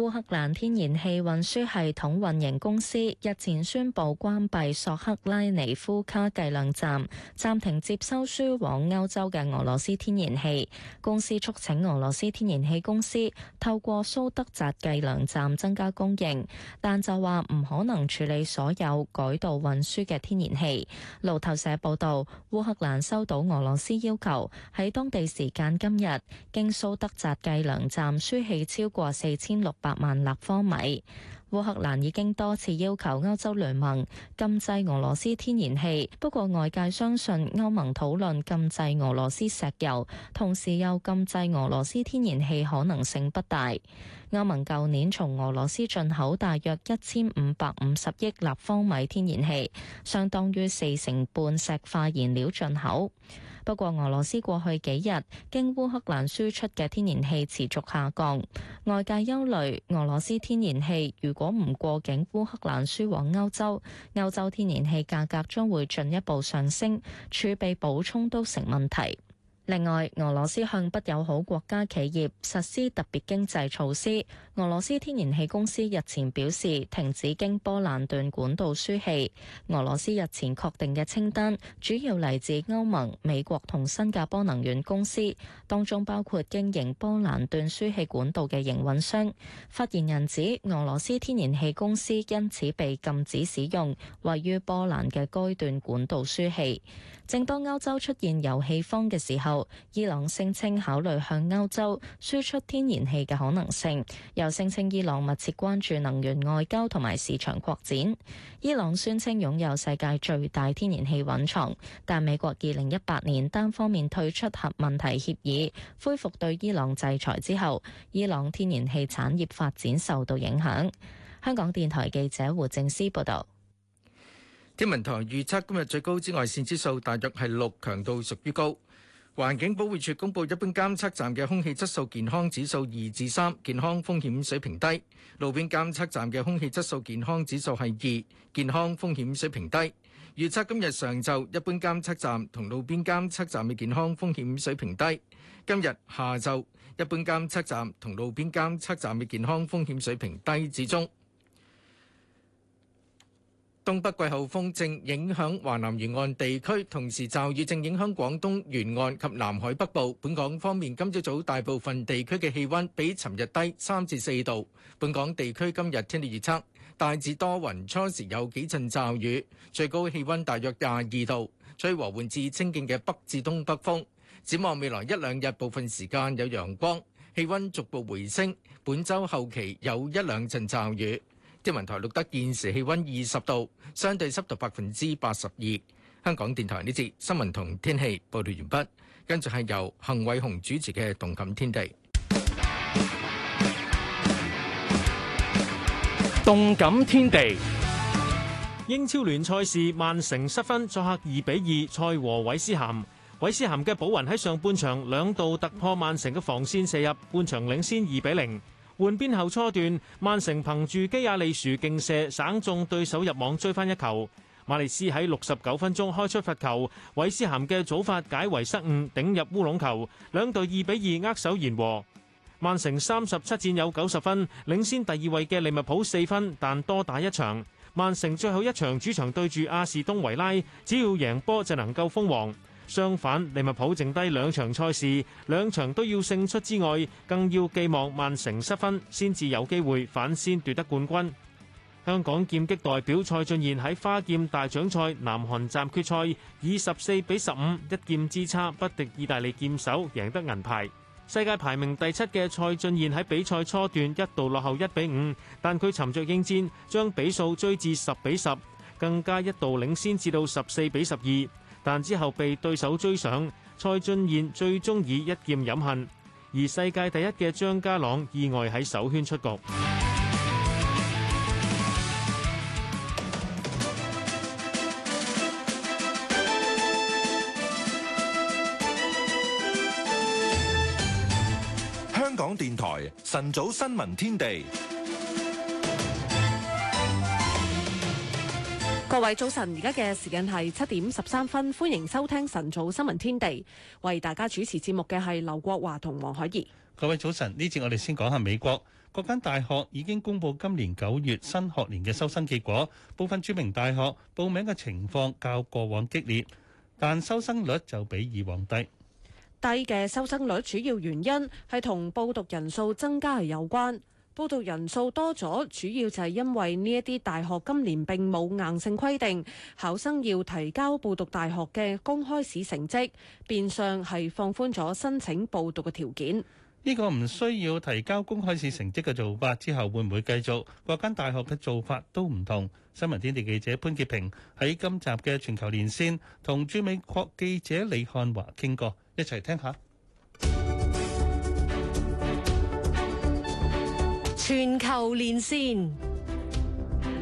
烏克蘭天然氣運輸系統運營公司日前宣布關閉索克拉尼夫卡計量站，暫停接收輸往歐洲嘅俄羅斯天然氣。公司促請俄羅斯天然氣公司透過蘇德扎計量站增加供應，但就話唔可能處理所有改道運輸嘅天然氣。路透社報道，烏克蘭收到俄羅斯要求喺當地時間今日經蘇德扎計量站輸氣超過四千六百。百萬立方米，烏克蘭已經多次要求歐洲聯盟禁制俄羅斯天然氣。不過外界相信歐盟討論禁制俄羅斯石油，同時又禁制俄羅斯天然氣可能性不大。歐盟舊年從俄羅斯進口大約一千五百五十億立方米天然氣，相當於四成半石化燃料進口。不過，俄羅斯過去幾日經烏克蘭輸出嘅天然氣持續下降，外界憂慮俄羅斯天然氣如果唔過境烏克蘭輸往歐洲，歐洲天然氣價格將會進一步上升，儲備補充都成問題。另外，俄羅斯向不友好國家企業實施特別經濟措施。俄羅斯天然氣公司日前表示，停止經波蘭段管道輸氣。俄羅斯日前確定嘅清單，主要嚟自歐盟、美國同新加坡能源公司，當中包括經營波蘭段輸氣管道嘅營運商。發言人指，俄羅斯天然氣公司因此被禁止使用位於波蘭嘅該段管道輸氣。正當歐洲出現油氣荒嘅時候，伊朗聲稱考慮向歐洲輸出天然氣嘅可能性，又聲稱伊朗密切關注能源外交同埋市場擴展。伊朗宣稱擁有世界最大天然氣蘊藏，但美國二零一八年單方面退出核問題協議，恢復對伊朗制裁之後，伊朗天然氣產業發展受到影響。香港電台記者胡正思報道。天文台預測今日最高紫外線指數大約係六，強度屬於高。環境保護署公布，一般監測站嘅空氣質素健康指數二至三，健康風險水平低；路邊監測站嘅空氣質素健康指數係二，健康風險水平低。預測今日上晝，一般監測站同路邊監測站嘅健康風險水平低；今日下晝，一般監測站同路邊監測站嘅健康風險水平低至中。東北季候風正影響華南沿岸地區，同時驟雨正影響廣東沿岸及南海北部。本港方面，今朝早，早大部分地區嘅氣温比尋日低三至四度。本港地區今日天氣預測，大致多雲，初時有幾陣驟雨，最高氣温大約廿二度，吹和緩至清勁嘅北至東北風。展望未來一兩日，部分時間有陽光，氣温逐步回升。本週後期有一兩陣驟雨。天文台錄得現時氣溫二十度，相對濕度百分之八十二。香港電台呢節新聞同天氣報道完畢，跟住係由幸偉雄主持嘅《動感天地》。動感天地，英超聯賽事曼城失分，作客二比二賽和韋斯咸。韋斯咸嘅保雲喺上半場兩度突破曼城嘅防線射入，半場領先二比零。換邊後初段，曼城憑住基亞利殊勁射，省中對手入網追翻一球。馬利斯喺六十九分鐘開出罰球，韋斯咸嘅早發解圍失誤，頂入烏龍球，兩隊二比二握手言和。曼城三十七戰有九十分，領先第二位嘅利物浦四分，但多打一場。曼城最後一場主場對住阿士東維拉，只要贏波就能夠封王。相反，利物浦剩低兩場賽事，兩場都要勝出之外，更要寄望曼城失分，先至有機會反先奪得冠軍。香港劍擊代表蔡俊彥喺花劍大獎賽南韓站決賽以十四比十五一劍之差不敵意大利劍手，贏得銀牌。世界排名第七嘅蔡俊彥喺比賽初段一度落後一比五，但佢沉着應戰，將比數追至十比十，更加一度領先至到十四比十二。但之後被對手追上，蔡俊彥最終以一劍飲恨。而世界第一嘅張家朗意外喺首圈出局。香港電台晨早新聞天地。各位早晨，而家嘅時間係七點十三分，歡迎收聽晨早新聞天地。為大家主持節目嘅係劉國華同黃海怡。各位早晨，呢節我哋先講下美國各間大學已經公佈今年九月新學年嘅收生結果，部分著名大學報名嘅情況較過往激烈，但收生率就比以往低。低嘅收生率主要原因係同報讀人數增加係有關。報讀人數多咗，主要就係因為呢一啲大學今年並冇硬性規定考生要提交報讀大學嘅公開試成績，變相係放寬咗申請報讀嘅條件。呢個唔需要提交公開試成績嘅做法之後會唔會繼續？各間大學嘅做法都唔同。新聞天地記者潘潔平喺今集嘅全球連線同駐美國記者李漢華傾過，一齊聽一下。全球連線，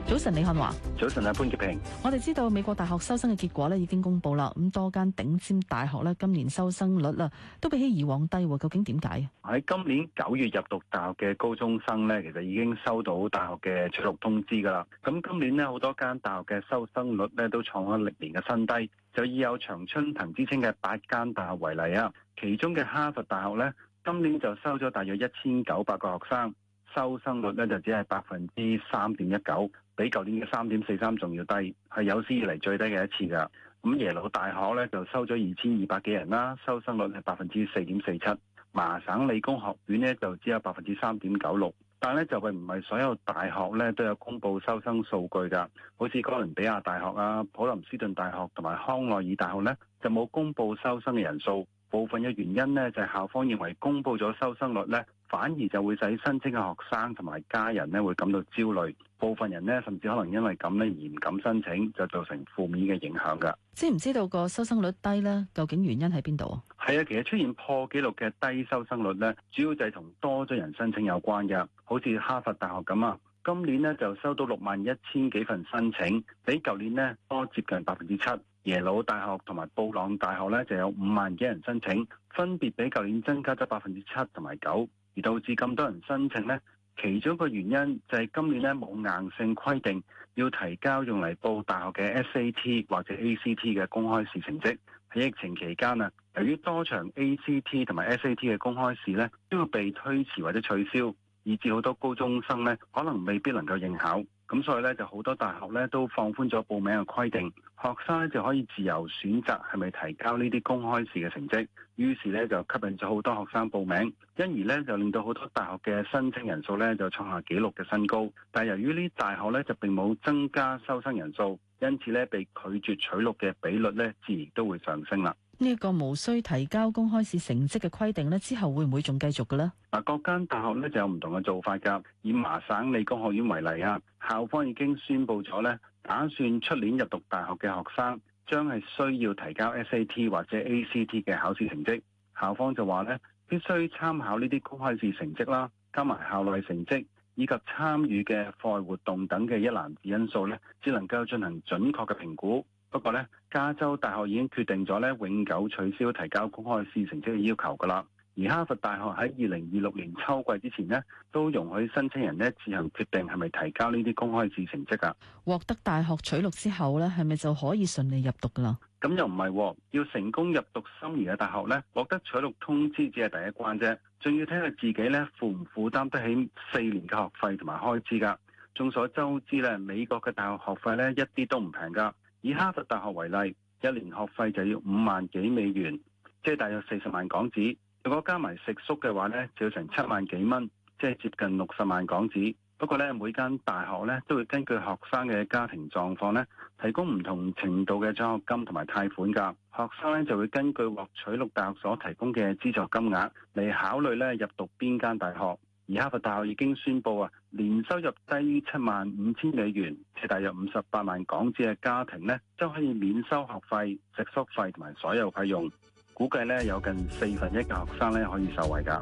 早晨，李漢華。早晨啊，潘潔平。我哋知道美國大學收生嘅結果咧，已經公布啦。咁多間頂尖大學咧，今年收生率啦，都比起以往低。究竟點解啊？喺今年九月入讀大學嘅高中生咧，其實已經收到大學嘅取錄通知噶啦。咁今年呢，好多間大學嘅收生率咧，都創咗歷年嘅新低。就以有長春藤之稱嘅八間大學為例啊，其中嘅哈佛大學咧，今年就收咗大約一千九百個學生。收生率咧就只係百分之三點一九，比舊年嘅三點四三仲要低，係有史以嚟，最低嘅一次噶咁耶魯大學咧就收咗二千二百幾人啦，收生率係百分之四點四七。麻省理工學院呢，就只有百分之三點九六，但咧就並唔係所有大學咧都有公布收生數據噶。好似哥倫比亞大學啊、普林斯頓大學同埋康奈爾大學咧就冇公布收生嘅人數，部分嘅原因呢，就係校方認為公布咗收生率咧。反而就會使申請嘅學生同埋家人咧，會感到焦慮。部分人咧，甚至可能因為咁咧而唔敢申請，就造成負面嘅影響㗎。知唔知道個收生率低呢？究竟原因喺邊度啊？係啊，其實出現破紀錄嘅低收生率呢，主要就係同多咗人申請有關嘅。好似哈佛大學咁啊，今年呢就收到六萬一千幾份申請，比舊年呢多接近百分之七。耶魯大學同埋布朗大學呢，就有五萬幾人申請，分別比舊年增加咗百分之七同埋九。而導致咁多人申請呢，其中一個原因就係今年呢冇硬性規定要提交用嚟報大學嘅 SAT 或者 ACT 嘅公開試成績。喺疫情期間啊，由於多場 ACT 同埋 SAT 嘅公開試呢都要被推遲或者取消，以至好多高中生呢可能未必能夠應考。咁所以咧就好多大學咧都放寬咗報名嘅規定，學生咧就可以自由選擇係咪提交呢啲公開試嘅成績。於是咧就吸引咗好多學生報名，因而咧就令到好多大學嘅申請人數咧就創下紀錄嘅新高。但由於呢大學咧就並冇增加收生人數，因此咧被拒絕取錄嘅比率咧自然都會上升啦。呢一個無需提交公開試成績嘅規定呢，之後會唔會仲繼續嘅呢？嗱，各間大學咧就有唔同嘅做法㗎。以麻省理工學院為例啊，校方已經宣布咗咧，打算出年入讀大學嘅學生將係需要提交 SAT 或者 ACT 嘅考試成績。校方就話咧，必須參考呢啲公開試成績啦，加埋校內成績以及參與嘅課外活動等嘅一籃子因素咧，只能夠進行準確嘅評估。不過咧，加州大學已經決定咗咧，永久取消提交公開試成績嘅要求噶啦。而哈佛大學喺二零二六年秋季之前咧，都容許申請人咧自行決定係咪提交呢啲公開試成績噶。獲得大學取錄之後呢，係咪就可以順利入讀噶啦咁又唔係，啊，要成功入讀心儀嘅大學呢，獲得取錄通知只係第一關啫，仲要睇下自己呢負唔負擔得起四年嘅學費同埋開支噶。眾所周知咧，美國嘅大學學費呢，一啲都唔平噶。以哈佛大學為例，一年學費就要五萬幾美元，即係大約四十萬港紙。如果加埋食宿嘅話咧，就要成七萬幾蚊，即係接近六十萬港紙。不過咧，每間大學咧都會根據學生嘅家庭狀況咧，提供唔同程度嘅獎學金同埋貸款噶。學生咧就會根據獲取六大學所提供嘅資助金額嚟考慮咧入讀邊間大學。而哈佛大學已經宣布啊，年收入低於七萬五千美元，即係大約五十八萬港紙嘅家庭咧，都可以免收學費、食宿費同埋所有費用。估計咧有近四分一嘅學生咧可以受惠噶。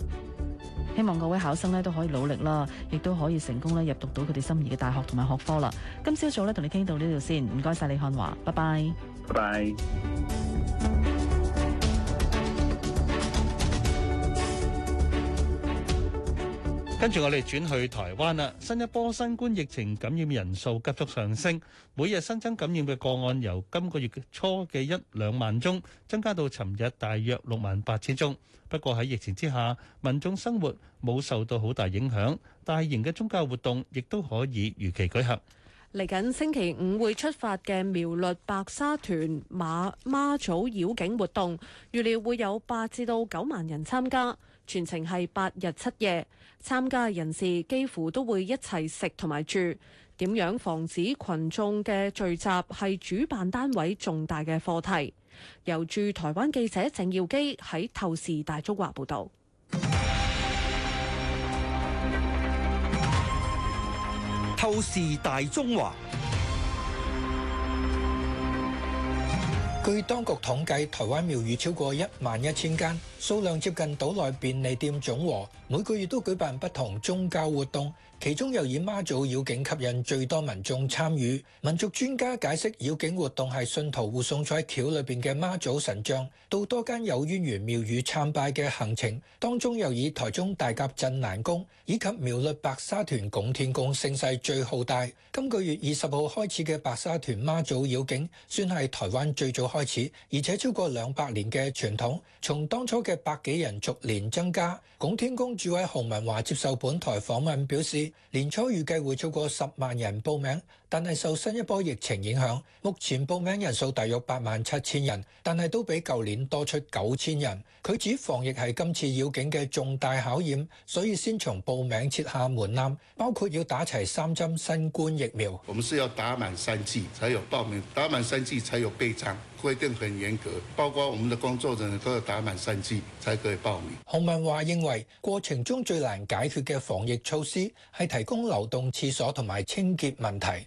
希望各位考生咧都可以努力啦，亦都可以成功咧入讀到佢哋心儀嘅大學同埋學科啦。今朝早咧同你傾到呢度先，唔該晒。李漢華，拜拜，拜拜。跟住我哋轉去台灣啦。新一波新冠疫情感染人數急速上升，每日新增感染嘅個案由今個月初嘅一兩萬宗增加到尋日大約六萬八千宗。不過喺疫情之下，民眾生活冇受到好大影響，大型嘅宗教活動亦都可以如期舉行。嚟緊星期五會出發嘅苗栗白沙屯媽媽祖繞境活動，預料會有八至到九萬人參加，全程係八日七夜。參加人士幾乎都會一齊食同埋住，點樣防止群眾嘅聚集係主辦單位重大嘅課題。由駐台灣記者鄭耀基喺《透視大中華》報導。《透視大中華》據當局統計，台灣廟宇超過一萬一千間。數量接近島內便利店總和，每個月都舉辦不同宗教活動，其中又以媽祖繞境吸引最多民眾參與。民俗專家解釋，繞境活動係信徒護送在轎裏邊嘅媽祖神像到多間有淵源廟宇參拜嘅行程，當中又以台中大甲鎮南宮以及苗栗白沙屯拱天宮聲勢最浩大。今個月二十號開始嘅白沙屯媽祖繞境算係台灣最早開始，而且超過兩百年嘅傳統，從當初。嘅百幾人逐年增加，拱天宮主委洪文華接受本台訪問表示，年初預計會超過十萬人報名。但係受新一波疫情影響，目前報名人數大約八萬七千人，但係都比舊年多出九千人。佢指防疫係今次要緊嘅重大考驗，所以先從報名設下門檻，包括要打齊三針新冠疫苗。我們需要打滿三劑才有報名，打滿三劑才有臂章，規定很嚴格，包括我們的工作人員都要打滿三劑才可以報名。洪文華認為過程中最難解決嘅防疫措施係提供流動廁所同埋清潔問題。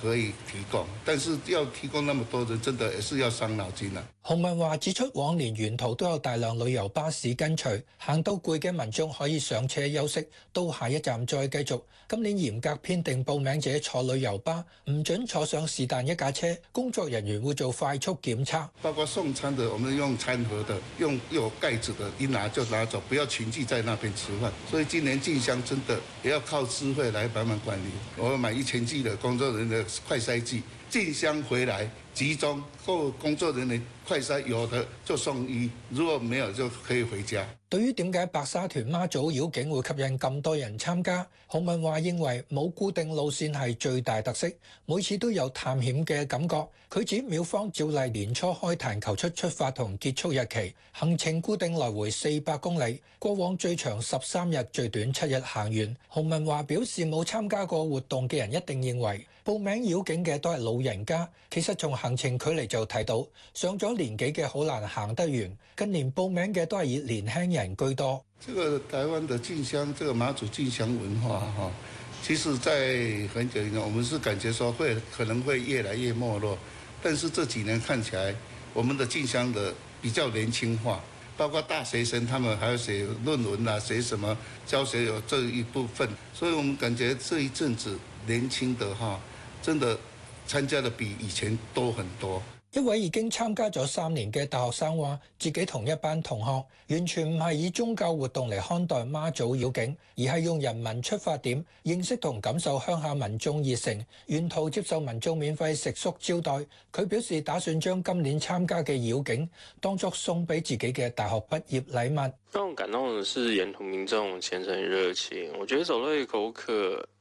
可以提供，但是要提供那麼多人，真的也是要傷腦筋啦、啊。洪文華指出，往年沿途都有大量旅遊巴士跟隨，行到攰嘅民眾可以上車休息，到下一站再繼續。今年嚴格編定報名者坐旅遊巴，唔准坐上是但一架車，工作人員會做快速檢測，包括送餐的，我們用餐盒的，用有蓋子的，一拿就拿走，不要聚集在那邊吃飯。所以今年進香真的也要靠智慧來慢慢管理。我買一千劑的工作人員。快塞住，進鄉回來集中各工作人員快塞，有的就送醫，如果沒有就可以回家。對於點解白沙屯媽祖遶境會吸引咁多人參加，洪文華認為冇固定路線係最大特色，每次都有探險嘅感覺。佢指廟方照例年初開壇求出，出發同結束日期、行程固定，來回四百公里，過往最長十三日，最短七日行完。洪文華表示冇參加過活動嘅人一定認為報名繞境嘅都係老人家，其實從行程距離就睇到，上咗年紀嘅好難行得完。近年報名嘅都係以年輕人居多。這個台灣的進香，這個馬祖進香文化，哈，其實在很久以前，我們是感覺說會可能會越來越沒落。但是這幾年看起來，我們的進香的比較年輕化，包括大學生，他們還要寫論文啦、啊，寫什麼教學有這一部分，所以我們感覺這一陣子年輕的哈。真的參加的比以前多很多。一位已經參加咗三年嘅大學生話：自己同一班同學完全唔係以宗教活動嚟看待媽祖繞境，而係用人民出發點認識同感受鄉下民眾熱誠，沿途接受民眾免費食宿招待。佢表示打算將今年參加嘅繞境當作送俾自己嘅大學畢業禮物。讓我感動是沿途民眾虔誠熱情，我覺得走落去口渴。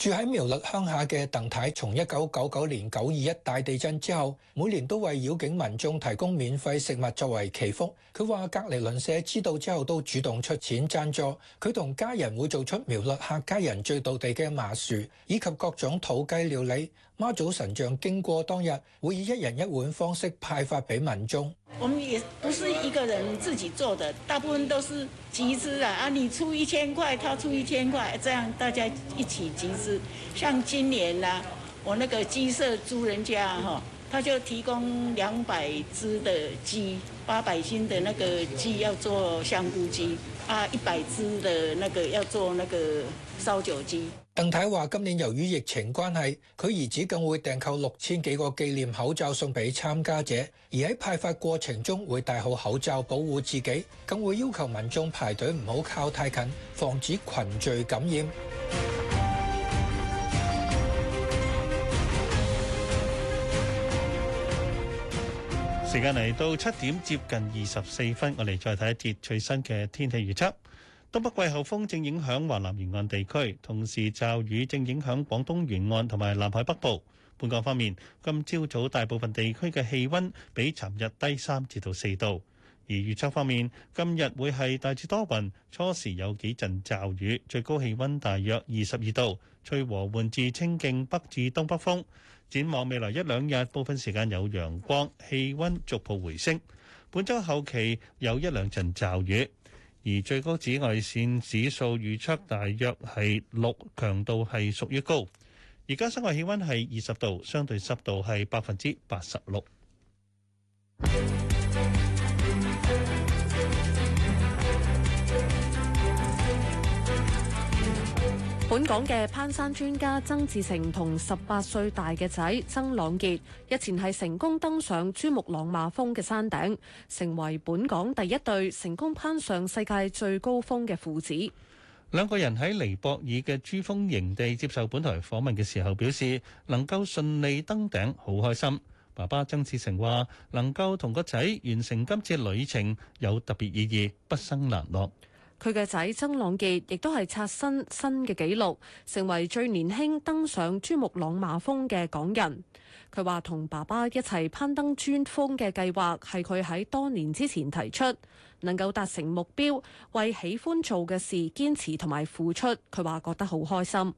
住喺苗栗鄉下嘅鄧太，從一九九九年九二一大地震之後，每年都為繞境民眾提供免費食物作為祈福。佢話隔離鄰舍知道之後都主動出錢贊助。佢同家人會做出苗栗客家人最道地嘅麻薯，以及各種土雞料理。媽祖神像經過當日會以一人一碗方式派發給民眾。我們也不是一個人自己做的，大部分都是集資啊！啊，你出一千塊，他出一千塊，這樣大家一起集資。像今年啦，我那個雞舍租人家，哈，他就提供兩百隻的雞，八百斤的那個雞要做香菇雞，啊，一百隻的那個要做那個燒酒雞。鄧太話：今年由於疫情關係，佢兒子更會訂購六千幾個紀念口罩送俾參加者，而喺派發過程中會戴好口罩保護自己，更會要求民眾排隊唔好靠太近，防止群聚感染。時間嚟到七點接近二十四分，我哋再睇一節最新嘅天氣預測。東北季候風正影響華南沿岸地區，同時驟雨正影響廣東沿岸同埋南海北部。本港方面，今朝早，早大部分地區嘅氣温比尋日低三至到四度。而預測方面，今日會係大致多雲，初時有幾陣驟雨，最高氣温大約二十二度，吹和緩至清勁北至東北風。展望未來一兩日，部分時間有陽光，氣温逐步回升。本週後期有一兩陣驟雨。而最高紫外線指數預測大約係六，強度係屬於高。而家室外氣温係二十度，相對濕度係百分之八十六。本港嘅攀山專家曾志成同十八歲大嘅仔曾朗傑，日前係成功登上珠穆朗瑪峰嘅山頂，成為本港第一對成功攀上世界最高峰嘅父子。兩個人喺尼泊爾嘅珠峰營地接受本台訪問嘅時候表示，能夠順利登頂，好開心。爸爸曾志成話：能夠同個仔完成今次旅程，有特別意義，畢生難忘。佢嘅仔曾朗杰亦都係刷新新嘅紀錄，成為最年輕登上珠穆朗瑪峰嘅港人。佢話同爸爸一齊攀登珠峰嘅計劃係佢喺多年之前提出，能夠達成目標，為喜歡做嘅事堅持同埋付出，佢話覺得好開心。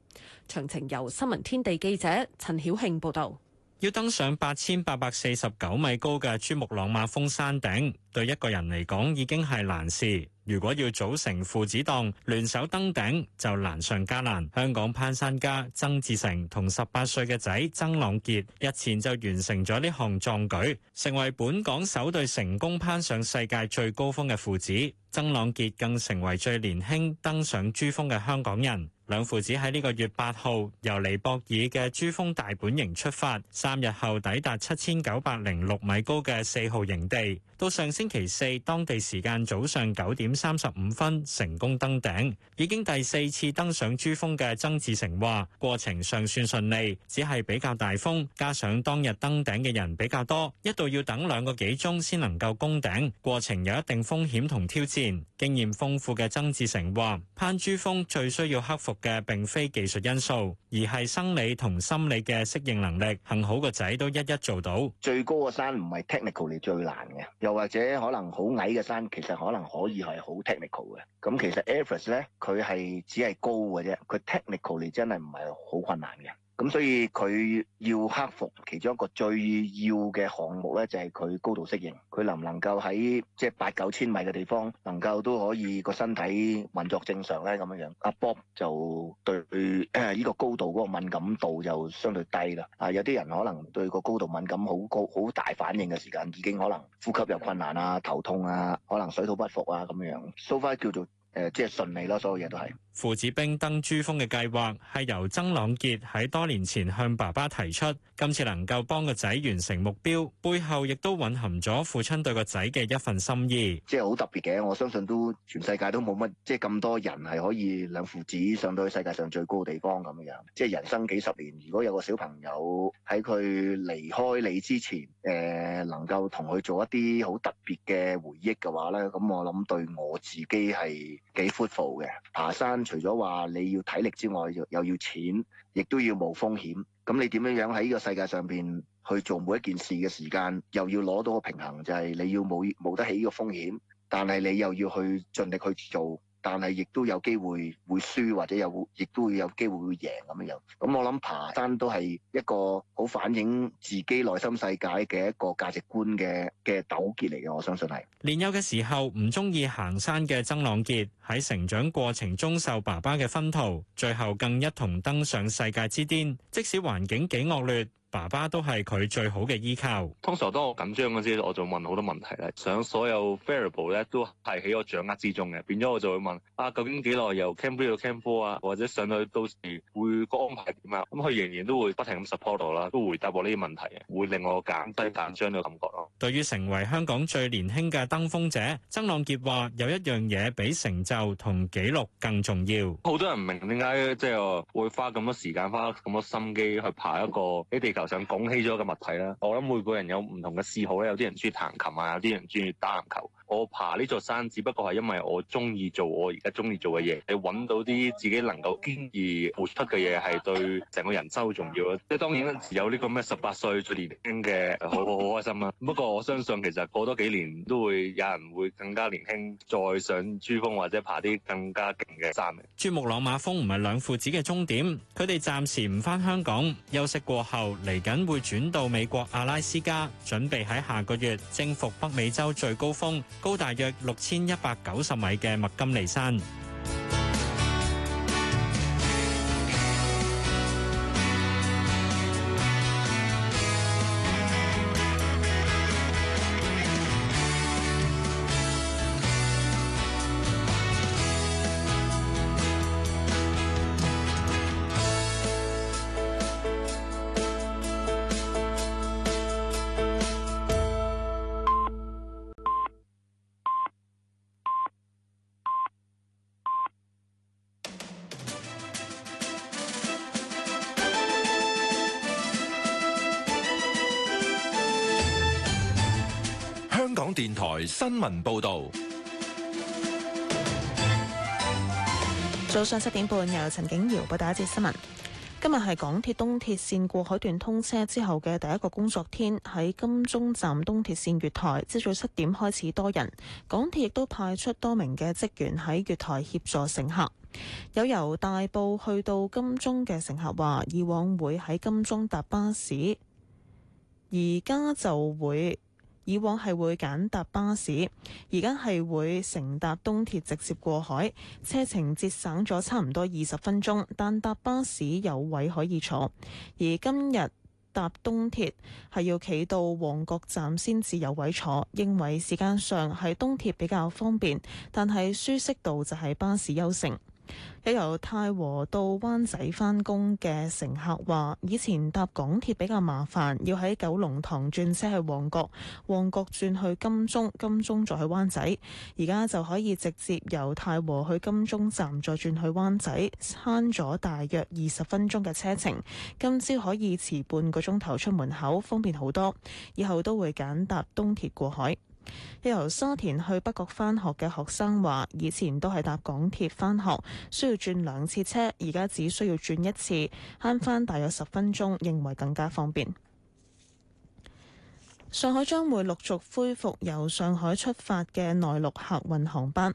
詳情由新聞天地記者陳曉慶報道。要登上八千八百四十九米高嘅珠穆朗瑪峰山頂，對一個人嚟講已經係難事。如果要組成父子檔聯手登頂，就難上加難。香港攀山家曾志成同十八歲嘅仔曾朗傑日前就完成咗呢項壯舉，成為本港首對成功攀上世界最高峰嘅父子。曾朗傑更成為最年輕登上珠峰嘅香港人。兩父子喺呢個月八號由尼泊爾嘅珠峰大本營出發，三日後抵達七千九百零六米高嘅四號營地，到上星期四當地時間早上九點三十五分成功登頂。已經第四次登上珠峰嘅曾志成話，過程尚算順利，只係比較大風，加上當日登頂嘅人比較多，一度要等兩個幾鐘先能夠攻頂。過程有一定風險同挑戰。經驗豐富嘅曾志成話，攀珠峰最需要克服。嘅並非技術因素，而係生理同心理嘅適應能力。幸好個仔都一一做到。最高個山唔係 technical 嚟最難嘅，又或者可能好矮嘅山，其實可能可以係好 technical 嘅。咁其實 effort 咧，佢係只係高嘅啫，佢 technical 嚟真係唔係好困難嘅。咁所以佢要克服其中一個最要嘅項目咧，就係、是、佢高度適應，佢能唔能夠喺即係八九千米嘅地方，能夠都可以個身體運作正常咧，咁樣樣。阿 Bob 就對呢、這個高度嗰個敏感度就相對低啦。啊，有啲人可能對個高度敏感好高好大反應嘅時間，已經可能呼吸有困難啊、頭痛啊、可能水土不服啊咁樣，so far 叫做。誒，即係順利咯，所有嘢都係父子兵登珠峰嘅計劃係由曾朗傑喺多年前向爸爸提出，今次能夠幫個仔完成目標，背後亦都蘊含咗父親對個仔嘅一份心意。即係好特別嘅，我相信都全世界都冇乜，即係咁多人係可以兩父子上到去世界上最高嘅地方咁樣。即係人生幾十年，如果有個小朋友喺佢離開你之前，誒能夠同佢做一啲好特別嘅回憶嘅話咧，咁我諗對我自己係。幾 full 嘅爬山，除咗話你要體力之外，又要錢，亦都要冇風險。咁你點樣樣喺呢個世界上邊去做每一件事嘅時間，又要攞到個平衡，就係、是，你要冇冇得起呢個風險，但係你又要去盡力去做。但係亦都有機會會輸，或者有亦都會有機會會贏咁樣樣。咁我諗爬山都係一個好反映自己內心世界嘅一個價值觀嘅嘅糾結嚟嘅，我相信係。年幼嘅時候唔中意行山嘅曾朗傑，喺成長過程中受爸爸嘅薰陶，最後更一同登上世界之巔，即使環境幾惡劣。爸爸都係佢最好嘅依靠。通常當我緊張嗰時，我就問好多問題咧，想所有 variable 咧都係喺我掌握之中嘅，變咗我就會問啊，究竟幾耐由 camp two 到 camp four 啊，或者上去到時會個安排點啊？咁佢仍然都會不停咁 support 我啦，都回答我呢啲問題嘅，會令我減低緊張嘅感覺咯。對於成為香港最年輕嘅登峰者，曾浪傑話有一樣嘢比成就同紀錄更重要。好多人唔明點解即係會花咁多時間、花咁多心機去爬一個喺地球。想拱起咗個物體啦，我諗，每個人有唔同嘅嗜好咧，有啲人中意彈琴啊，有啲人中意打籃球。我爬呢座山，只不過係因為我中意做我而家中意做嘅嘢。你揾到啲自己能夠堅毅付出嘅嘢，係對整個人生好重要啊。即係當然有呢個咩十八歲最年輕嘅，好好好開心啊。不過我相信其實過多幾年都會有人會更加年輕再上珠峰或者爬啲更加勁嘅山。珠穆朗瑪峰唔係兩父子嘅終點，佢哋暫時唔翻香港休息過後嚟緊會轉到美國阿拉斯加，準備喺下個月征服北美洲最高峰，高大約六千一百九十米嘅麥金尼山。新聞報導。早上七點半，由陳景堯報第一節新聞。今日係港鐵東鐵線過海段通車之後嘅第一個工作天，喺金鐘站東鐵線月台，朝早七點開始多人。港鐵亦都派出多名嘅職員喺月台協助乘客。有由大埔去到金鐘嘅乘客話：以往會喺金鐘搭巴士，而家就會。以往係會揀搭巴士，而家係會乘搭東鐵直接過海，車程節省咗差唔多二十分鐘。但搭巴士有位可以坐，而今日搭東鐵係要企到旺角站先至有位坐，認為時間上喺東鐵比較方便，但係舒適度就係巴士優勝。由太和到灣仔返工嘅乘客話，以前搭港鐵比較麻煩，要喺九龍塘轉車去旺角，旺角轉去金鐘，金鐘再去灣仔。而家就可以直接由太和去金鐘站，再轉去灣仔，慳咗大約二十分鐘嘅車程。今朝可以遲半個鐘頭出門口，方便好多。以後都會揀搭東鐵過海。由沙田去北角返學嘅學生話，以前都係搭港鐵返學，需要轉兩次車，而家只需要轉一次，慳返大約十分鐘，認為更加方便。上海將會陸續恢復由上海出發嘅內陸客運航班。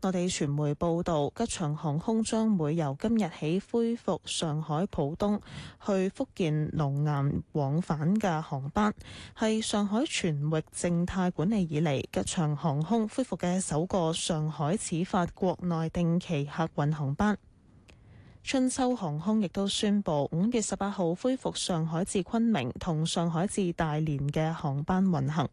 內地傳媒報道，吉祥航空將會由今日起恢復上海浦東去福建龍岩往返嘅航班，係上海全域靜態管理以嚟吉祥航空恢復嘅首個上海始發國內定期客運航班。春秋航空亦都宣布，五月十八號恢復上海至昆明同上海至大連嘅航班運行。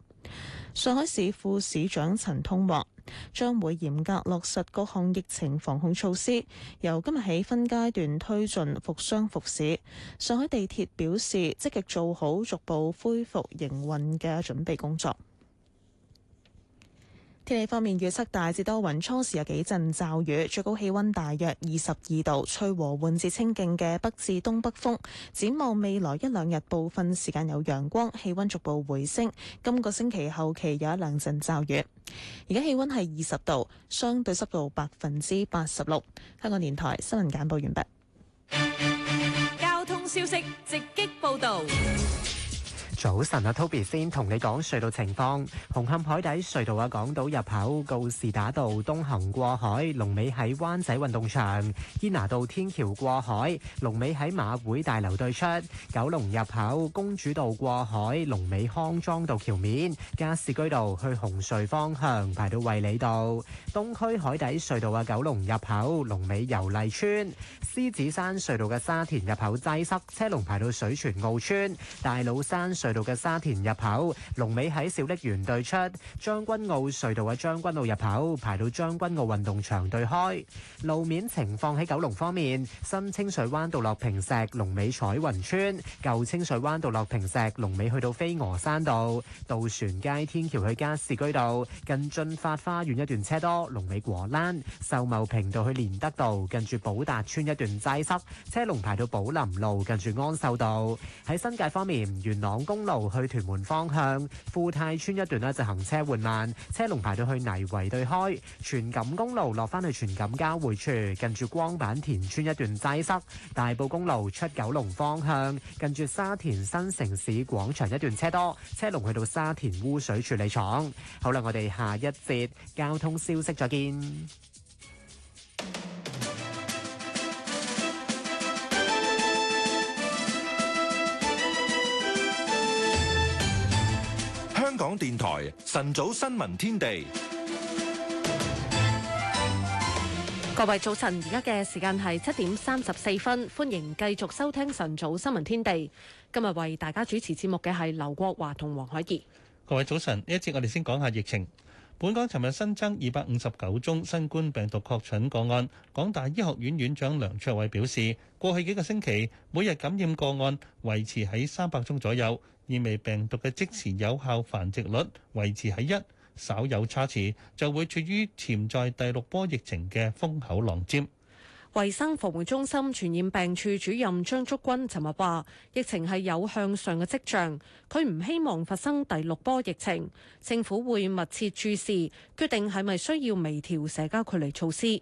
上海市副市長陳通話，將會嚴格落實各項疫情防控措施，由今日起分階段推進復商復市。上海地鐵表示，積極做好逐步恢復營運嘅準備工作。天氣方面預測大致多雲，初時有幾陣驟雨，最高氣溫大約二十二度，吹和緩至清勁嘅北至東北風。展望未來一兩日部分時間有陽光，氣溫逐步回升。今個星期後期有一兩陣驟雨。而家氣溫係二十度，相對濕度百分之八十六。香港電台新聞簡報完畢。交通消息直擊報道。早晨啊，Toby 先同你講隧道情況。紅磡海底隧道嘅，港島入口告士打道東行過海，龍尾喺灣仔運動場；堅拿道天橋過海，龍尾喺馬會大樓對出；九龍入口公主道過海，龍尾康莊道橋面；加士居道去紅隧方向排到衛理道；東區海底隧道嘅，九龍入口龍尾油麗村；獅子山隧道嘅沙田入口擠塞，車龍排到水泉澳村；大老山隧到嘅沙田入口，龍尾喺小瀝源對出將軍澳隧道喺將軍澳入口，排到將軍澳運動場對開。路面情況喺九龍方面，新清水灣道落坪石，龍尾彩雲村；舊清水灣道落坪石，龍尾去到飛鵝山道。渡船街天橋去加士居道，近駿發花園一段車多，龍尾果欄；秀茂坪道去連德道，近住寶達邨一段擠塞，車龍排到寶林路，近住安秀道。喺新界方面，元朗公路去屯門方向，富泰村一段咧就行車緩慢，車龍排到去泥圍對開。荃錦公路落返去荃錦交匯處，近住光板田村一段擠塞。大埔公路出九龍方向，近住沙田新城市廣場一段車多，車龍去到沙田污水處理廠。好啦，我哋下一節交通消息再見。香港電台晨早新聞天地，各位早晨，而家嘅時間係七點三十四分，歡迎繼續收聽晨早新聞天地。今日為大家主持節目嘅係劉國華同黃海儀。各位早晨，呢一節我哋先講下疫情。本港尋日新增二百五十九宗新冠病毒確診個案。港大醫學院院長梁卓偉表示，過去幾個星期每日感染個案維持喺三百宗左右。意味病毒嘅即時有效繁殖率維持喺一，稍有差池就會處於潛在第六波疫情嘅風口浪尖。衛生防護中心傳染病處主任張竹君尋日話疫情係有向上嘅跡象，佢唔希望發生第六波疫情，政府會密切注視，決定係咪需要微調社交距離措施。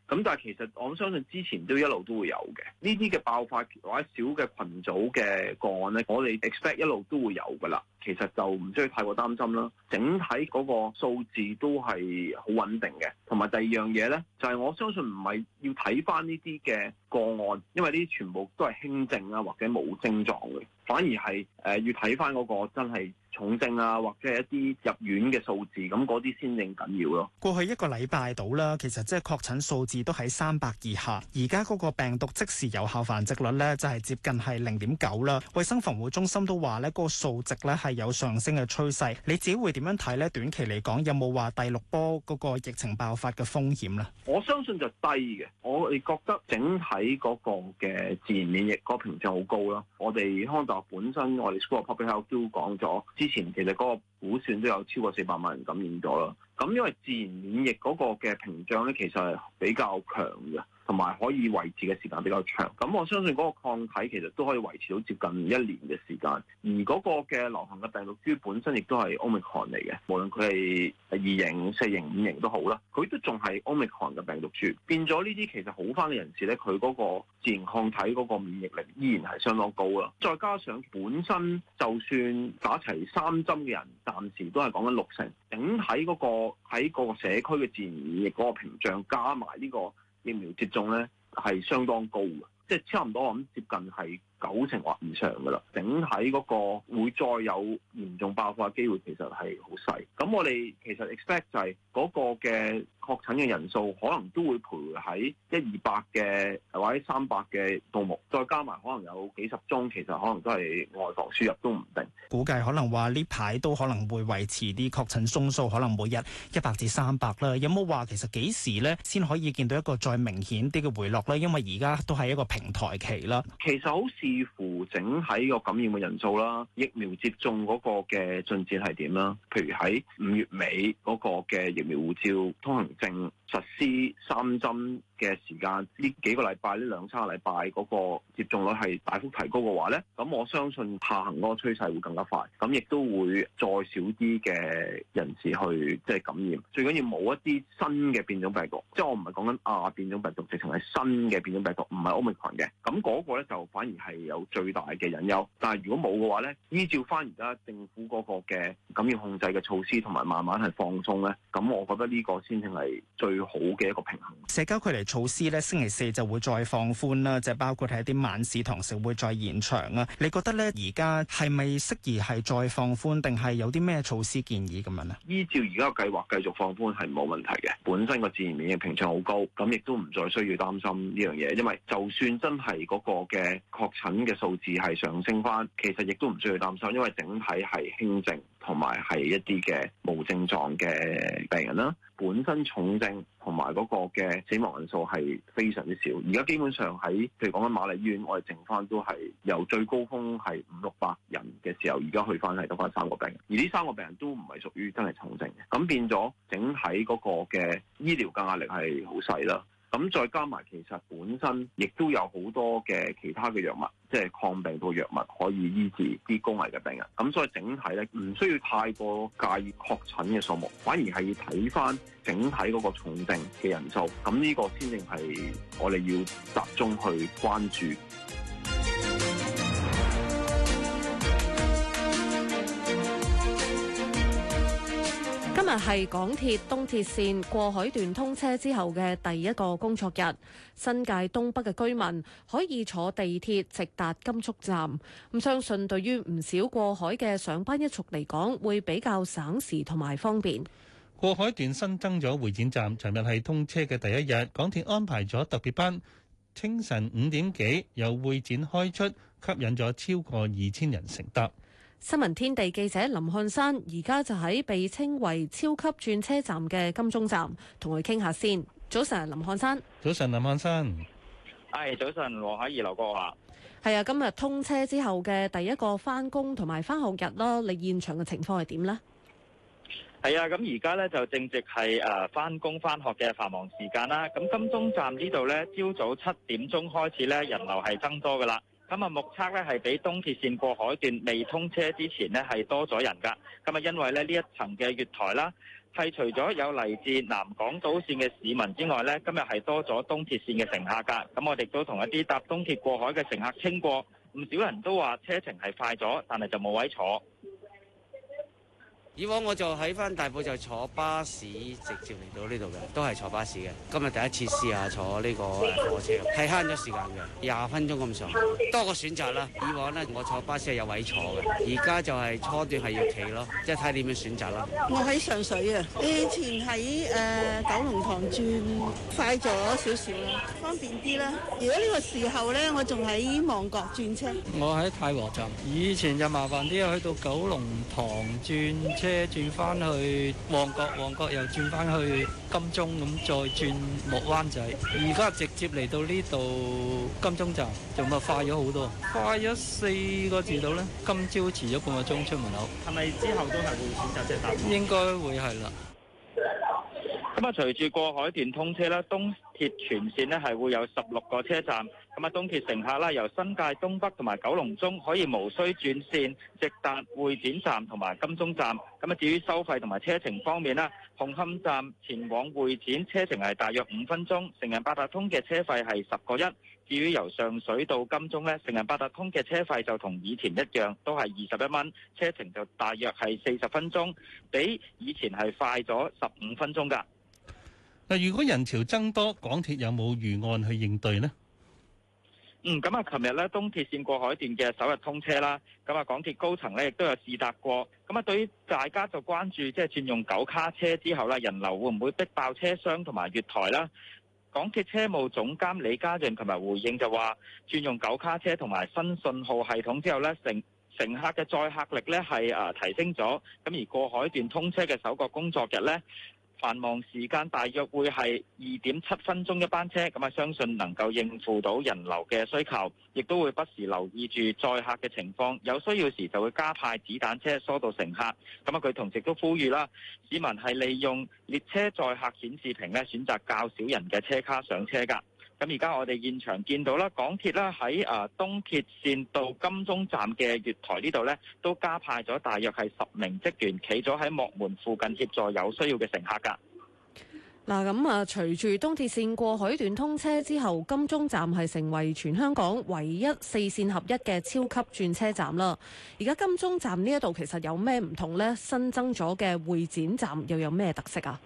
咁但係其實我相信之前都一路都會有嘅，呢啲嘅爆發或者少嘅群組嘅個案呢，我哋 expect 一路都會有噶啦。其實就唔需要太過擔心啦。整體嗰個數字都係好穩定嘅，同埋第二樣嘢呢，就係、是、我相信唔係要睇返呢啲嘅個案，因為呢啲全部都係輕症啦，或者冇症狀嘅，反而係誒要睇返嗰個真係。重症啊，或者係一啲入院嘅數字，咁嗰啲先正緊要咯。過去一個禮拜到啦，其實即係確診數字都喺三百以下。而家嗰個病毒即時有效繁殖率咧，就係接近係零點九啦。衛生防護中心都話咧，嗰個數值咧係有上升嘅趨勢，你自己會點樣睇咧？短期嚟講，有冇話第六波嗰個疫情爆發嘅風險咧？我相信就低嘅。我哋覺得整體嗰個嘅自然免疫個屏障就好高啦。我哋港大本身，我哋 School of Public Health 都講咗。之前其實嗰個估算都有超過四百萬人感染咗啦。咁因為自然免疫嗰個嘅屏障咧，其實係比較強嘅，同埋可以維持嘅時間比較長。咁我相信嗰個抗體其實都可以維持到接近一年嘅時間，而嗰個嘅流行嘅病毒株本身亦都係奧密克戎嚟嘅，無論佢係二型、四型、五型都好啦，佢都仲係奧密克戎嘅病毒株。變咗呢啲其實好翻嘅人士咧，佢嗰個自然抗體嗰個免疫力依然係相當高啦。再加上本身就算打齊三針嘅人，暫時都係講緊六成，整體嗰個。喺個社區嘅自然免疫個屏障加埋呢個疫苗接種咧，係相當高嘅，即係差唔多我諗接近係九成或以上噶啦，整體嗰個會再有嚴重爆發嘅機會其實係好細，咁我哋其實 expect 就係嗰個嘅確診嘅人數可能都會徘徊喺一二百嘅，或者三百嘅數目，再加埋可能有幾十宗，其實可能都係外防輸入都唔定。估計可能話呢排都可能會維持啲確診宗數可能每日一百至三百啦。有冇話其實幾時咧先可以見到一個再明顯啲嘅回落咧？因為而家都係一個平台期啦。其實好似。似乎整體個感染嘅人數啦，疫苗接種嗰個嘅進展係點啦？譬如喺五月尾嗰個嘅疫苗護照通行證。實施三針嘅時間，呢幾個禮拜、呢兩三個禮拜嗰個接種率係大幅提高嘅話呢，咁我相信下行嗰個趨勢會更加快，咁亦都會再少啲嘅人士去即係感染。最緊要冇一啲新嘅變種病毒，即係我唔係講緊啊變種病毒，直情係新嘅變種病毒，唔係奧密克戎嘅。咁嗰個咧就反而係有最大嘅隱憂。但係如果冇嘅話呢，依照翻而家政府嗰個嘅感染控制嘅措施同埋慢慢係放鬆呢。咁我覺得呢個先至係最。好嘅一個平衡，社交距離措施咧，星期四就會再放寬啦，即係包括係一啲晚市堂食會再延長啊。你覺得咧，而家係咪適宜係再放寬，定係有啲咩措施建議咁樣咧？依照而家嘅計劃，繼續放寬係冇問題嘅。本身個自然免疫屏障好高，咁亦都唔再需要擔心呢樣嘢，因為就算真係嗰個嘅確診嘅數字係上升翻，其實亦都唔需要擔心，因為整體係輕症。同埋係一啲嘅無症狀嘅病人啦，本身重症同埋嗰個嘅死亡人數係非常之少。而家基本上喺譬如講緊瑪麗醫院，我哋剩翻都係由最高峰係五六百人嘅時候，而家去翻係得翻三個病人，而呢三個病人都唔係屬於真係重症嘅，咁變咗整體嗰個嘅醫療嘅壓力係好細啦。咁再加埋，其實本身亦都有好多嘅其他嘅藥物，即係抗病毒藥物可以醫治啲高危嘅病人。咁所以整體咧，唔需要太過介意確診嘅數目，反而係要睇翻整體嗰個重症嘅人數。咁呢個先正係我哋要集中去關注。今日係港鐵東鐵綫過海段通車之後嘅第一個工作日，新界東北嘅居民可以坐地鐵直達金鐘站，咁相信對於唔少過海嘅上班一族嚟講，會比較省時同埋方便。過海段新增咗會展站，尋日係通車嘅第一日，港鐵安排咗特別班，清晨五點幾由會展開出，吸引咗超過二千人乘搭。新聞天地記者林漢山而家，就喺被稱為超級轉車站嘅金鐘站，同佢傾下先。早晨，林漢山。早晨，林漢山。係早晨，我喺二樓過下。係啊，今日通車之後嘅第一個翻工，同埋翻學日啦，你現場嘅情況係點呢？係啊，咁而家咧就正值係誒翻工翻學嘅繁忙時間啦。咁金鐘站呢度咧，朝早七點鐘開始咧，人流係增多噶啦。咁啊，目測呢係比東鐵線過海段未通車之前呢係多咗人㗎。咁啊，因為呢呢一層嘅月台啦，係除咗有嚟自南港島線嘅市民之外呢，今日係多咗東鐵線嘅乘客㗎。咁我哋都同一啲搭東鐵過海嘅乘客傾過，唔少人都話車程係快咗，但係就冇位坐。以往我就喺翻大埔就坐巴士直接嚟到呢度嘅，都係坐巴士嘅。今日第一次試下坐呢個火車，係慳咗時間嘅，廿分鐘咁上下，多個選擇啦。以往咧我坐巴士係有位坐嘅，而家就係初段係要企咯，即係睇點樣選擇啦。我喺上水啊，以前喺誒、呃、九龍塘轉，快咗少少啦，方便啲啦。如果呢個時候咧，我仲喺旺角轉車。我喺太和站，以前就麻煩啲去到九龍塘轉車轉翻去旺角，旺角又轉翻去金鐘，咁再轉木灣仔，而家直接嚟到呢度金鐘站，就咪快咗好多，快咗四個字到咧。今朝遲咗半個鐘出門口，係咪之後都係會選擇即係搭？應該會係啦。咁啊，隨住過海段通車咧，東鐵全線咧係會有十六個車站。咁啊，東鐵乘客啦，由新界東北同埋九龍中可以無需轉線，直達會展站同埋金鐘站。咁啊，至於收費同埋車程方面啦，紅磡站前往會展車程係大約五分鐘，成人八達通嘅車費係十個一。至於由上水到金鐘咧，成人八達通嘅車費就同以前一樣，都係二十一蚊，車程就大約係四十分鐘，比以前係快咗十五分鐘㗎。嗱，如果人潮增多，港鐵有冇預案去應對呢？嗯，咁、嗯、啊，琴日咧，東鐵線過海段嘅首日通車啦，咁、嗯、啊，港鐵高層咧亦都有試搭過，咁、嗯、啊，對於大家就關注即係、就是、轉用九卡車之後啦，人流會唔會逼爆車廂同埋月台啦？港鐵車務總監李家潤琴日回應就話，轉用九卡車同埋新信號系統之後咧，乘乘客嘅載客力咧係啊提升咗，咁、嗯、而過海段通車嘅首個工作日咧。繁忙時間大約會係二點七分鐘一班車，咁啊相信能夠應付到人流嘅需求，亦都會不時留意住載客嘅情況，有需要時就會加派子彈車疏導乘客。咁啊，佢同時都呼籲啦，市民係利用列車載客顯示屏咧，選擇較少人嘅車卡上車㗎。咁而家我哋現場見到啦，港鐵啦喺誒東鐵線到金鐘站嘅月台呢度呢，都加派咗大約係十名職員，企咗喺幕門附近協助有需要嘅乘客㗎。嗱，咁啊，隨住東鐵線過海段通車之後，金鐘站係成為全香港唯一四線合一嘅超級轉車站啦。而家金鐘站呢一度其實有咩唔同呢？新增咗嘅會展站又有咩特色啊？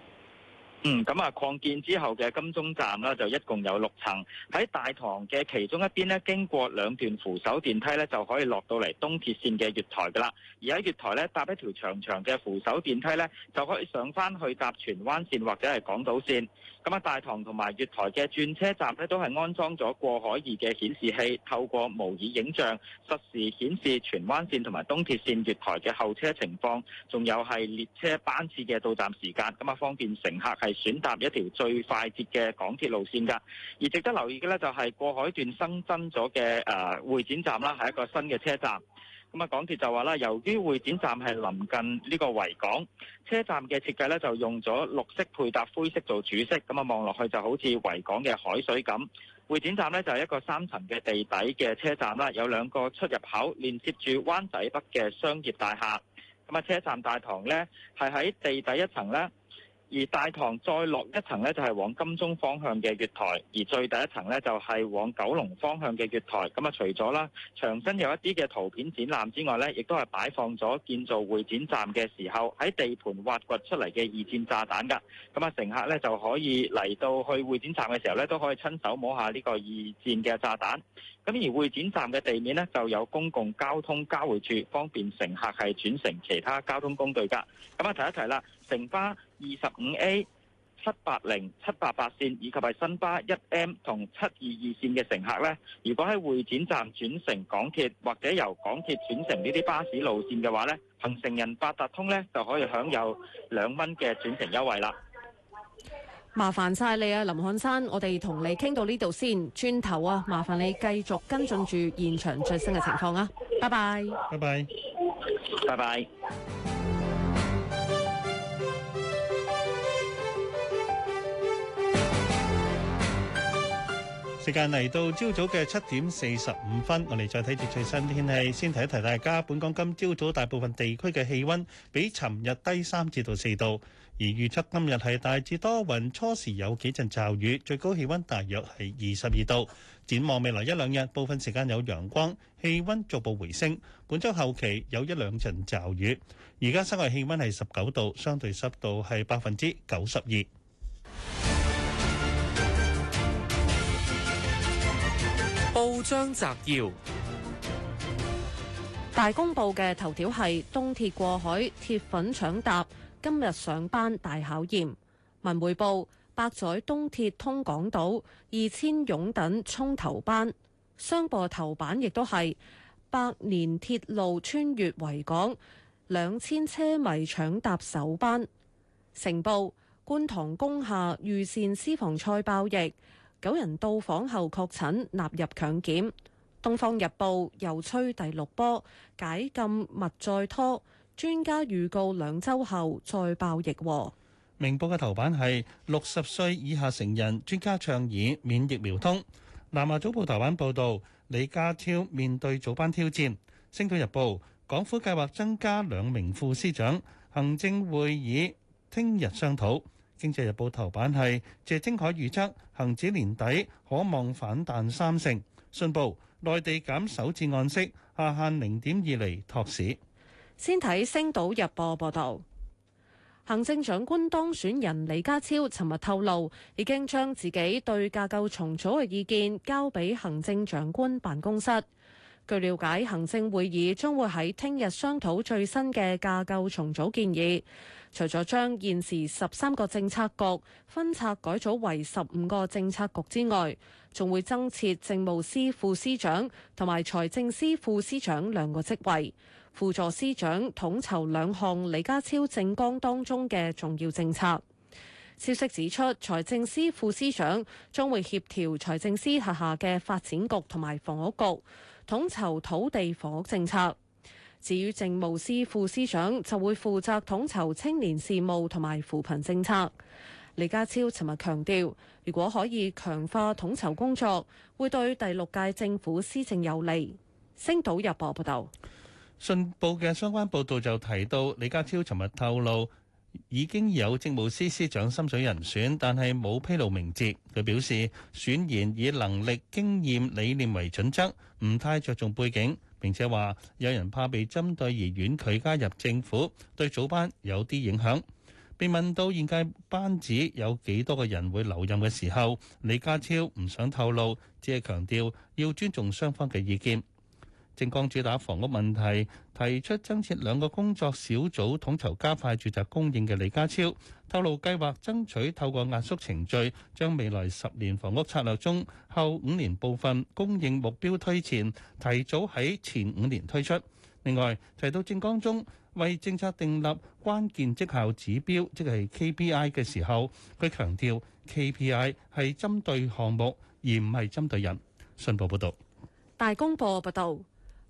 嗯，咁啊，擴建之後嘅金鐘站呢，就一共有六層。喺大堂嘅其中一邊呢，經過兩段扶手電梯呢，就可以落到嚟東鐵線嘅月台㗎喇。而喺月台呢，搭一條長長嘅扶手電梯呢，就可以上返去搭荃灣線或者係港島線。咁啊，大堂同埋月台嘅轉車站咧，都係安裝咗過海二嘅顯示器，透過模擬影像實時顯示荃灣線同埋東鐵線月台嘅候車情況，仲有係列車班次嘅到站時間，咁啊方便乘客係選搭一條最快捷嘅港鐵路線㗎。而值得留意嘅呢，就係過海段新增咗嘅誒會展站啦，係一個新嘅車站。咁啊，港鐵就話啦，由於會展站係臨近呢個維港，車站嘅設計咧就用咗綠色配搭灰色做主色，咁啊望落去就好似維港嘅海水咁。會展站咧就係一個三層嘅地底嘅車站啦，有兩個出入口連接住灣仔北嘅商業大廈。咁啊，車站大堂咧係喺地底一層咧。而大堂再落一層咧，就係、是、往金鐘方向嘅月台；而最第一層咧，就係、是、往九龍方向嘅月台。咁啊，除咗啦，牆身有一啲嘅圖片展覽之外咧，亦都係擺放咗建造會展站嘅時候喺地盤挖掘出嚟嘅二戰炸彈㗎。咁啊，乘客咧就可以嚟到去會展站嘅時候咧，都可以親手摸下呢個二戰嘅炸彈。咁而會展站嘅地面咧就有公共交通交匯處，方便乘客係轉乘其他交通工具㗎。咁啊，提一提啦，城巴。二十五 A 七八零、七八八綫以及係新巴一 M 同七二二綫嘅乘客呢，如果喺會展站轉乘港鐵或者由港鐵轉乘呢啲巴士路綫嘅話呢，憑成人八達通呢就可以享有兩蚊嘅轉乘優惠啦。麻煩晒你啊，林漢山，我哋同你傾到呢度先，轉頭啊，麻煩你繼續跟進住現場最新嘅情況啊，拜拜，拜拜，拜拜。時間嚟到朝早嘅七點四十五分，我哋再睇住最新天氣。先提一提大家，本港今朝早大部分地區嘅氣溫比尋日低三至到四度。而預測今日係大致多雲，初時有幾陣驟雨，最高氣溫大約係二十二度。展望未來一兩日，部分時間有陽光，氣溫逐步回升。本周後期有一兩陣驟雨。而家室外氣溫係十九度，相對濕度係百分之九十二。報章摘要：大公報嘅頭條係東鐵過海鐵粉搶搭，今日上班大考驗。文匯報：百載東鐵通港島，二千擁躉衝頭班。商報頭版亦都係百年鐵路穿越維港，兩千車迷搶搭首班。成報：觀塘工廈御善私房菜爆疫。九人到訪後確診納入強檢。《東方日報》又吹第六波解禁勿再拖，專家預告兩週後再爆疫。明報嘅頭版係六十歲以下成人，專家倡議免疫苗通。南華早報頭版報導，李家超面對早班挑戰。星島日報，港府計劃增加兩名副司長，行政會議聽日商討。《經濟日報》頭版係謝晶海預測，恆指年底可望反彈三成。信報：內地減首次按息，下限零點二釐托市。先睇《星島日報》報道，行政長官當選人李家超尋日透露，已經將自己對架構重組嘅意見交俾行政長官辦公室。據了解，行政會議將會喺聽日商討最新嘅架構重組建議。除咗將現時十三個政策局分拆改組為十五個政策局之外，仲會增設政務司副司長同埋財政司副司長兩個職位，輔助司長統籌兩項李家超政綱當中嘅重要政策。消息指出，財政司副司長將會協調財政司轄下嘅發展局同埋房屋局，統籌土地房屋政策。至於政務司副司長，就會負責統籌青年事務同埋扶貧政策。李家超尋日強調，如果可以強化統籌工作，會對第六屆政府施政有利。星島日報報導，信報嘅相關報道就提到，李家超尋日透露已經有政務司司長心水人選，但係冇披露名節。佢表示，選賢以能力、經驗、理念為準則，唔太着重背景。並且話有人怕被針對而婉拒加入政府，對組班有啲影響。被問到現屆班子有幾多個人會留任嘅時候，李家超唔想透露，只係強調要尊重雙方嘅意見。政綱主打房屋問題。提出增設兩個工作小組統籌加快住宅供應嘅李家超透露，計劃爭取透過壓縮程序，將未來十年房屋策略中後五年部分供應目標推前，提早喺前五年推出。另外提到政綱中為政策訂立關鍵績效指標，即係 KPI 嘅時候，佢強調 KPI 係針對項目而唔係針對人。信報報道，大公報報道。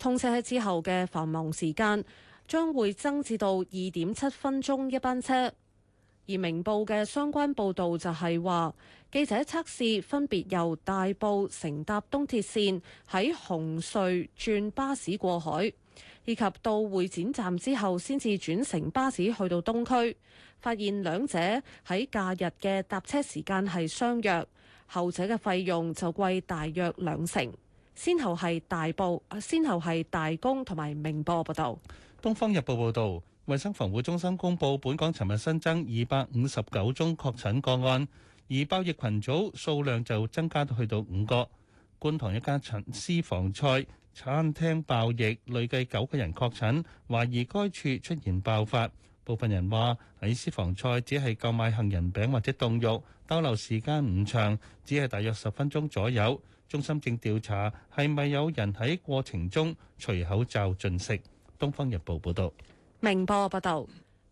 通車之後嘅繁忙時間將會增至到二點七分鐘一班車，而明報嘅相關報道就係話，記者測試分別由大埔乘搭東鐵線喺紅隧轉巴士過海，以及到會展站之後先至轉乘巴士去到東區，發現兩者喺假日嘅搭車時間係相約，後者嘅費用就貴大約兩成。先後係大報，先後係大公同埋明報報道。《東方日報》報道，衞生防護中心公布本港尋日新增二百五十九宗確診個案，而爆疫群組數量就增加到去到五個。觀塘一家陳私房菜餐廳爆疫，累計九個人確診，懷疑該處出現爆發。部分人話喺私房菜只係購買杏仁餅或者凍肉，逗留時間唔長，只係大約十分鐘左右。中心正調查係咪有人喺過程中除口罩進食。《東方日報》報道，明報報道，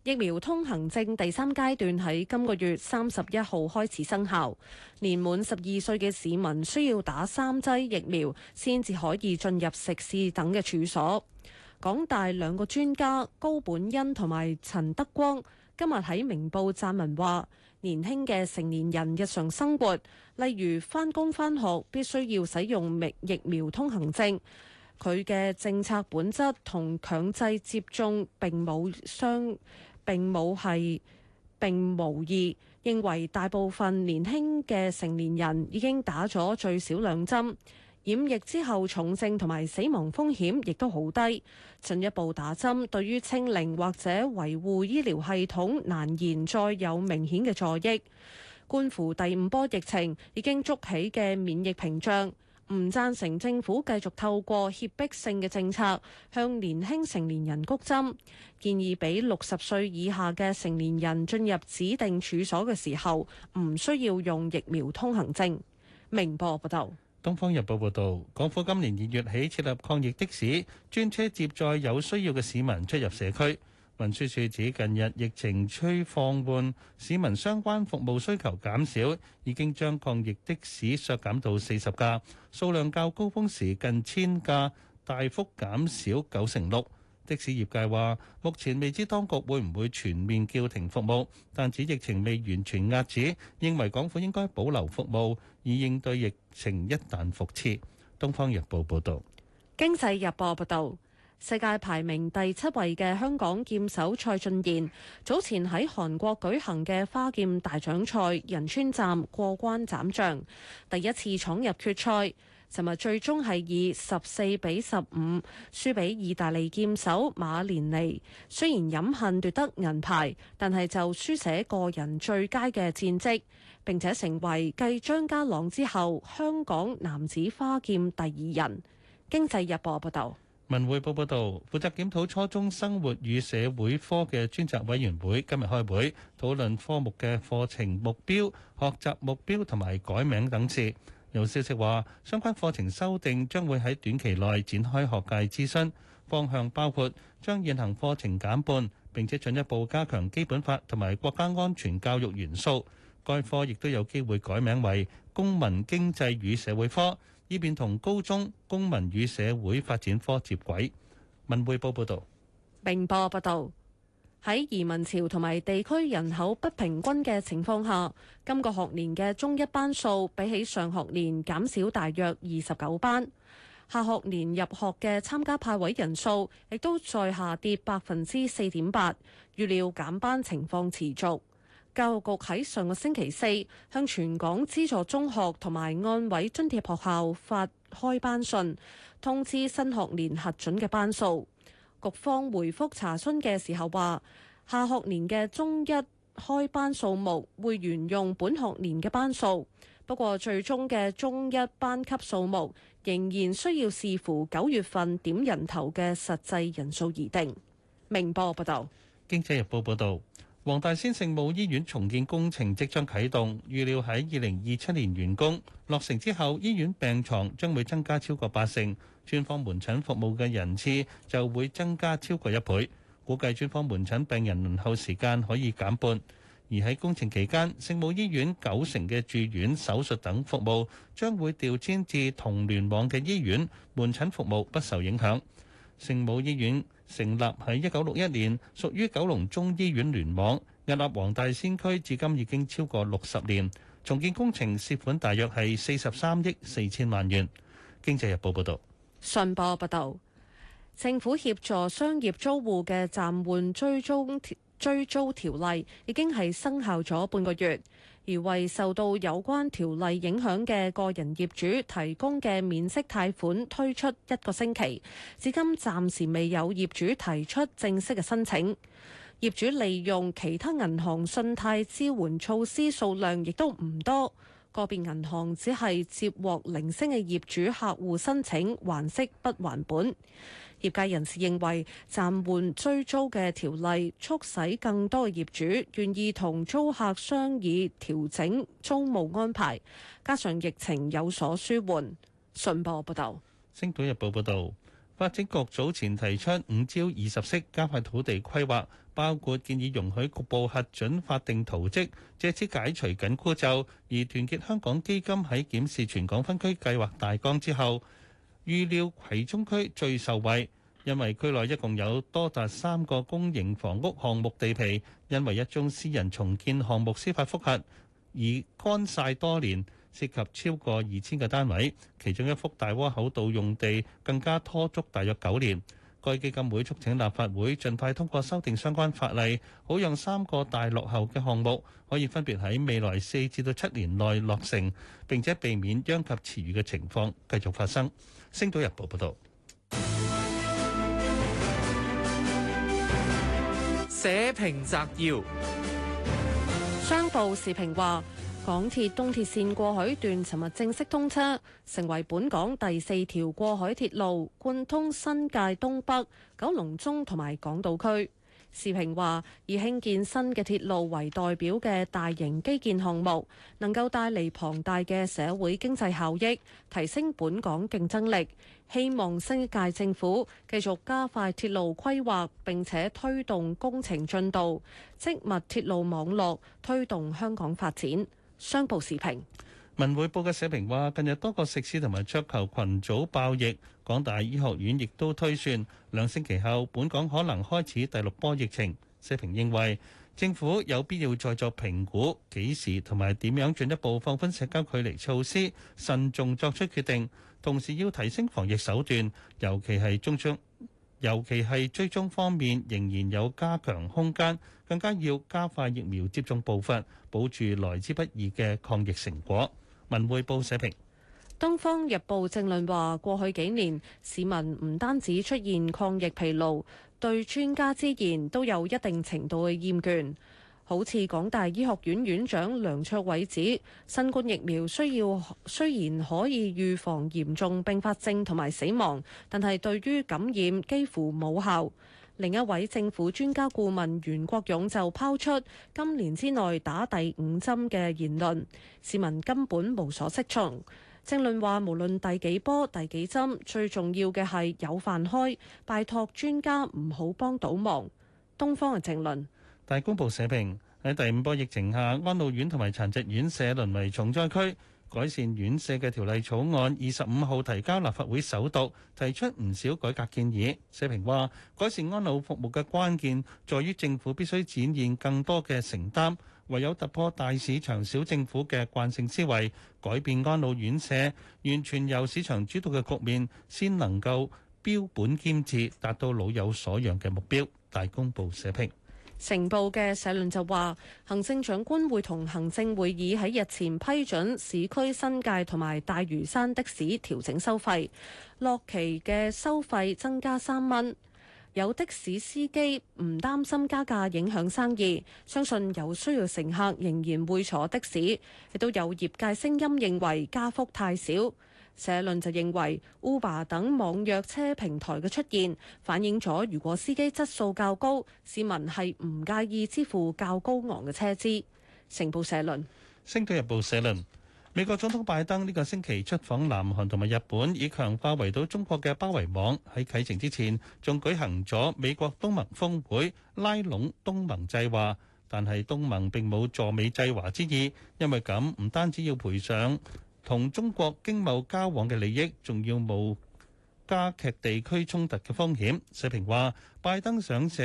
疫苗通行證第三階段喺今個月三十一號開始生效。年滿十二歲嘅市民需要打三劑疫苗先至可以進入食肆等嘅處所。港大兩個專家高本恩同埋陳德光今日喺明報撰文話。年輕嘅成年人日常生活，例如返工返學，必須要使用疫苗通行證。佢嘅政策本質同強制接種並冇相並冇係並無異。認為大部分年輕嘅成年人已經打咗最少兩針。染疫之後，重症同埋死亡風險亦都好低。進一步打針對於清零或者維護醫療系統難言再有明顯嘅助益。觀乎第五波疫情已經築起嘅免疫屏障，唔贊成政府繼續透過脅迫性嘅政策向年輕成年人谷針。建議俾六十歲以下嘅成年人進入指定處所嘅時候，唔需要用疫苗通行證。明報報道。《東方日報》報導，港府今年二月起設立抗疫的士專車接載有需要嘅市民出入社區。運輸署指，近日疫情趨放緩，市民相關服務需求減少，已經將抗疫的士削減到四十架，數量較高峰時近千架，大幅減少九成六。的士業界話：目前未知當局會唔會全面叫停服務，但指疫情未完全壓止，認為港府應該保留服務以應對疫情一旦復熾。《東方日報》報道。《經濟日報》報道，世界排名第七位嘅香港劍手蔡俊賢，早前喺韓國舉行嘅花劍大獎賽仁川站過關斬將，第一次闖入決賽。尋日最終係以十四比十五輸俾意大利劍手馬連尼，雖然飲恨奪得銀牌，但係就書寫個人最佳嘅戰績，並且成為繼張家朗之後香港男子花劍第二人。經濟日報、啊、報道。文匯報報道，負責檢討初中生活與社會科嘅專責委員會今日開會討論科目嘅課程目標、學習目標同埋改名等事。有消息話，相關課程修訂將會喺短期內展開學界諮詢，方向包括將現行課程減半，並且進一步加強基本法同埋國家安全教育元素。該科亦都有機會改名為公民經濟與社會科，以便同高中公民與社會發展科接軌。文匯報報道。明報報道。喺移民潮同埋地區人口不平均嘅情況下，今個學年嘅中一班數比起上學年減少大約二十九班。下學年入學嘅參加派位人數亦都再下跌百分之四點八，預料減班情況持續。教育局喺上個星期四向全港資助中學同埋按位津貼學校發開班信，通知新學年核准嘅班數。局方回覆查詢嘅時候話，下學年嘅中一開班數目會沿用本學年嘅班數，不過最終嘅中一班級數目仍然需要視乎九月份點人頭嘅實際人數而定。明報報道，經濟日報報道。黃大仙聖母醫院重建工程即將啟動，預料喺二零二七年完工。落成之後，醫院病牀將會增加超過八成，專科門診服務嘅人次就會增加超過一倍，估計專科門診病人輪候時間可以減半。而喺工程期間，聖母醫院九成嘅住院、手術等服務將會調遷至同聯網嘅醫院，門診服務不受影響。聖母醫院成立喺一九六一年，屬於九龍中醫院聯網。屹立黃大仙區至今已經超過六十年。重建工程涉款大約係四十三億四千萬元。經濟日報報道。信報報道，政府協助商業租戶嘅暫緩追租追租條例已經係生效咗半個月。而為受到有關條例影響嘅個人業主提供嘅免息貸款推出一個星期，至今暫時未有業主提出正式嘅申請。業主利用其他銀行信貸支援措施數量亦都唔多，個別銀行只係接獲零星嘅業主客戶申請還息不還本。業界人士認為暫緩追租嘅條例，促使更多業主願意同租客商議調整租務安排。加上疫情有所舒緩，信報報道，《星島日報》報道，發展局早前提出五招二十式加快土地規劃，包括建議容許局部核准法定圖則，藉此解除緊箍咒。而團結香港基金喺檢視全港分區計劃大綱之後，預料葵涌區最受惠，因為區內一共有多達三個公營房屋項目地皮，因為一宗私人重建項目司法覆核而乾曬多年，涉及超過二千個單位，其中一幅大窩口道用地更加拖足大約九年。該基金會促請立法會盡快通過修訂相關法例，好讓三個大落後嘅項目可以分別喺未來四至到七年內落成，並且避免殃及池魚嘅情況繼續發生。星島日報報導：社評摘要，商報時評話。港鐵東鐵線過海段尋日正式通車，成為本港第四條過海鐵路，貫通新界東北、九龍中同埋港島區。社評話，以興建新嘅鐵路為代表嘅大型基建項目，能夠帶嚟龐大嘅社會經濟效益，提升本港競爭力。希望新一屆政府繼續加快鐵路規劃，並且推動工程進度，積密鐵路網絡，推動香港發展。商報時評，文匯報嘅社評話：近日多個食肆同埋桌球羣組爆疫，港大醫學院亦都推算兩星期後，本港可能開始第六波疫情。社評認為，政府有必要再作評估幾時同埋點樣進一步放寬社交距離措施，慎重作出決定，同時要提升防疫手段，尤其係中將。尤其係追蹤方面，仍然有加強空間，更加要加快疫苗接種步伐，保住來之不易嘅抗疫成果。文匯報社評，《東方日報》正論話：過去幾年，市民唔單止出現抗疫疲勞，對專家之言都有一定程度嘅厭倦。好似港大醫學院院長梁卓偉指，新冠疫苗需要雖然可以預防嚴重併發症同埋死亡，但係對於感染幾乎冇效。另一位政府專家顧問袁國勇就拋出今年之內打第五針嘅言論，市民根本無所適從。政論話，無論第幾波、第幾針，最重要嘅係有飯開，拜託專家唔好幫倒忙。東方嘅政論。大公報社評，喺第五波疫情下，安老院同埋殘疾院舍淪為重災區。改善院舍嘅條例草案二十五號提交立法會首讀，提出唔少改革建議。社評話，改善安老服務嘅關鍵，在於政府必須展現更多嘅承擔，唯有突破大市場、小政府嘅慣性思維，改變安老院舍完全由市場主導嘅局面，先能夠標本兼治，達到老有所養嘅目標。大公報社評。成報嘅社論就話，行政長官會同行政會議喺日前批准市區新界同埋大嶼山的士調整收費，落旗嘅收費增加三蚊。有的士司機唔擔心加價影響生意，相信有需要乘客仍然會坐的士。亦都有業界聲音認為加幅太少。社論就認為，Uber 等網約車平台嘅出現，反映咗如果司機質素較高，市民係唔介意支付較高昂嘅車資。成報社論。星島日報社論，美國總統拜登呢個星期出訪南韓同埋日本，以強化圍到中國嘅包圍網。喺啟程之前，仲舉行咗美國東盟峰會，拉攏東盟制華。但係東盟並冇助美制華之意，因為咁唔單止要賠償同中國經貿交往嘅利益，仲要冇加劇地區衝突嘅風險。社評話，拜登上社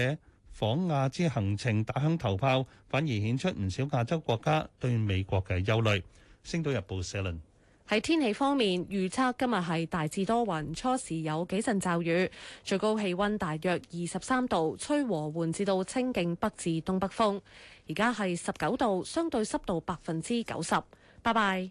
訪亞之行程打響頭炮，反而顯出唔少亞洲國家對美國嘅憂慮。星島日報社論喺天氣方面預測，今日係大致多雲，初時有幾陣驟雨，最高氣温大約二十三度，吹和緩至到清勁北至東北風。而家係十九度，相對濕度百分之九十。拜拜。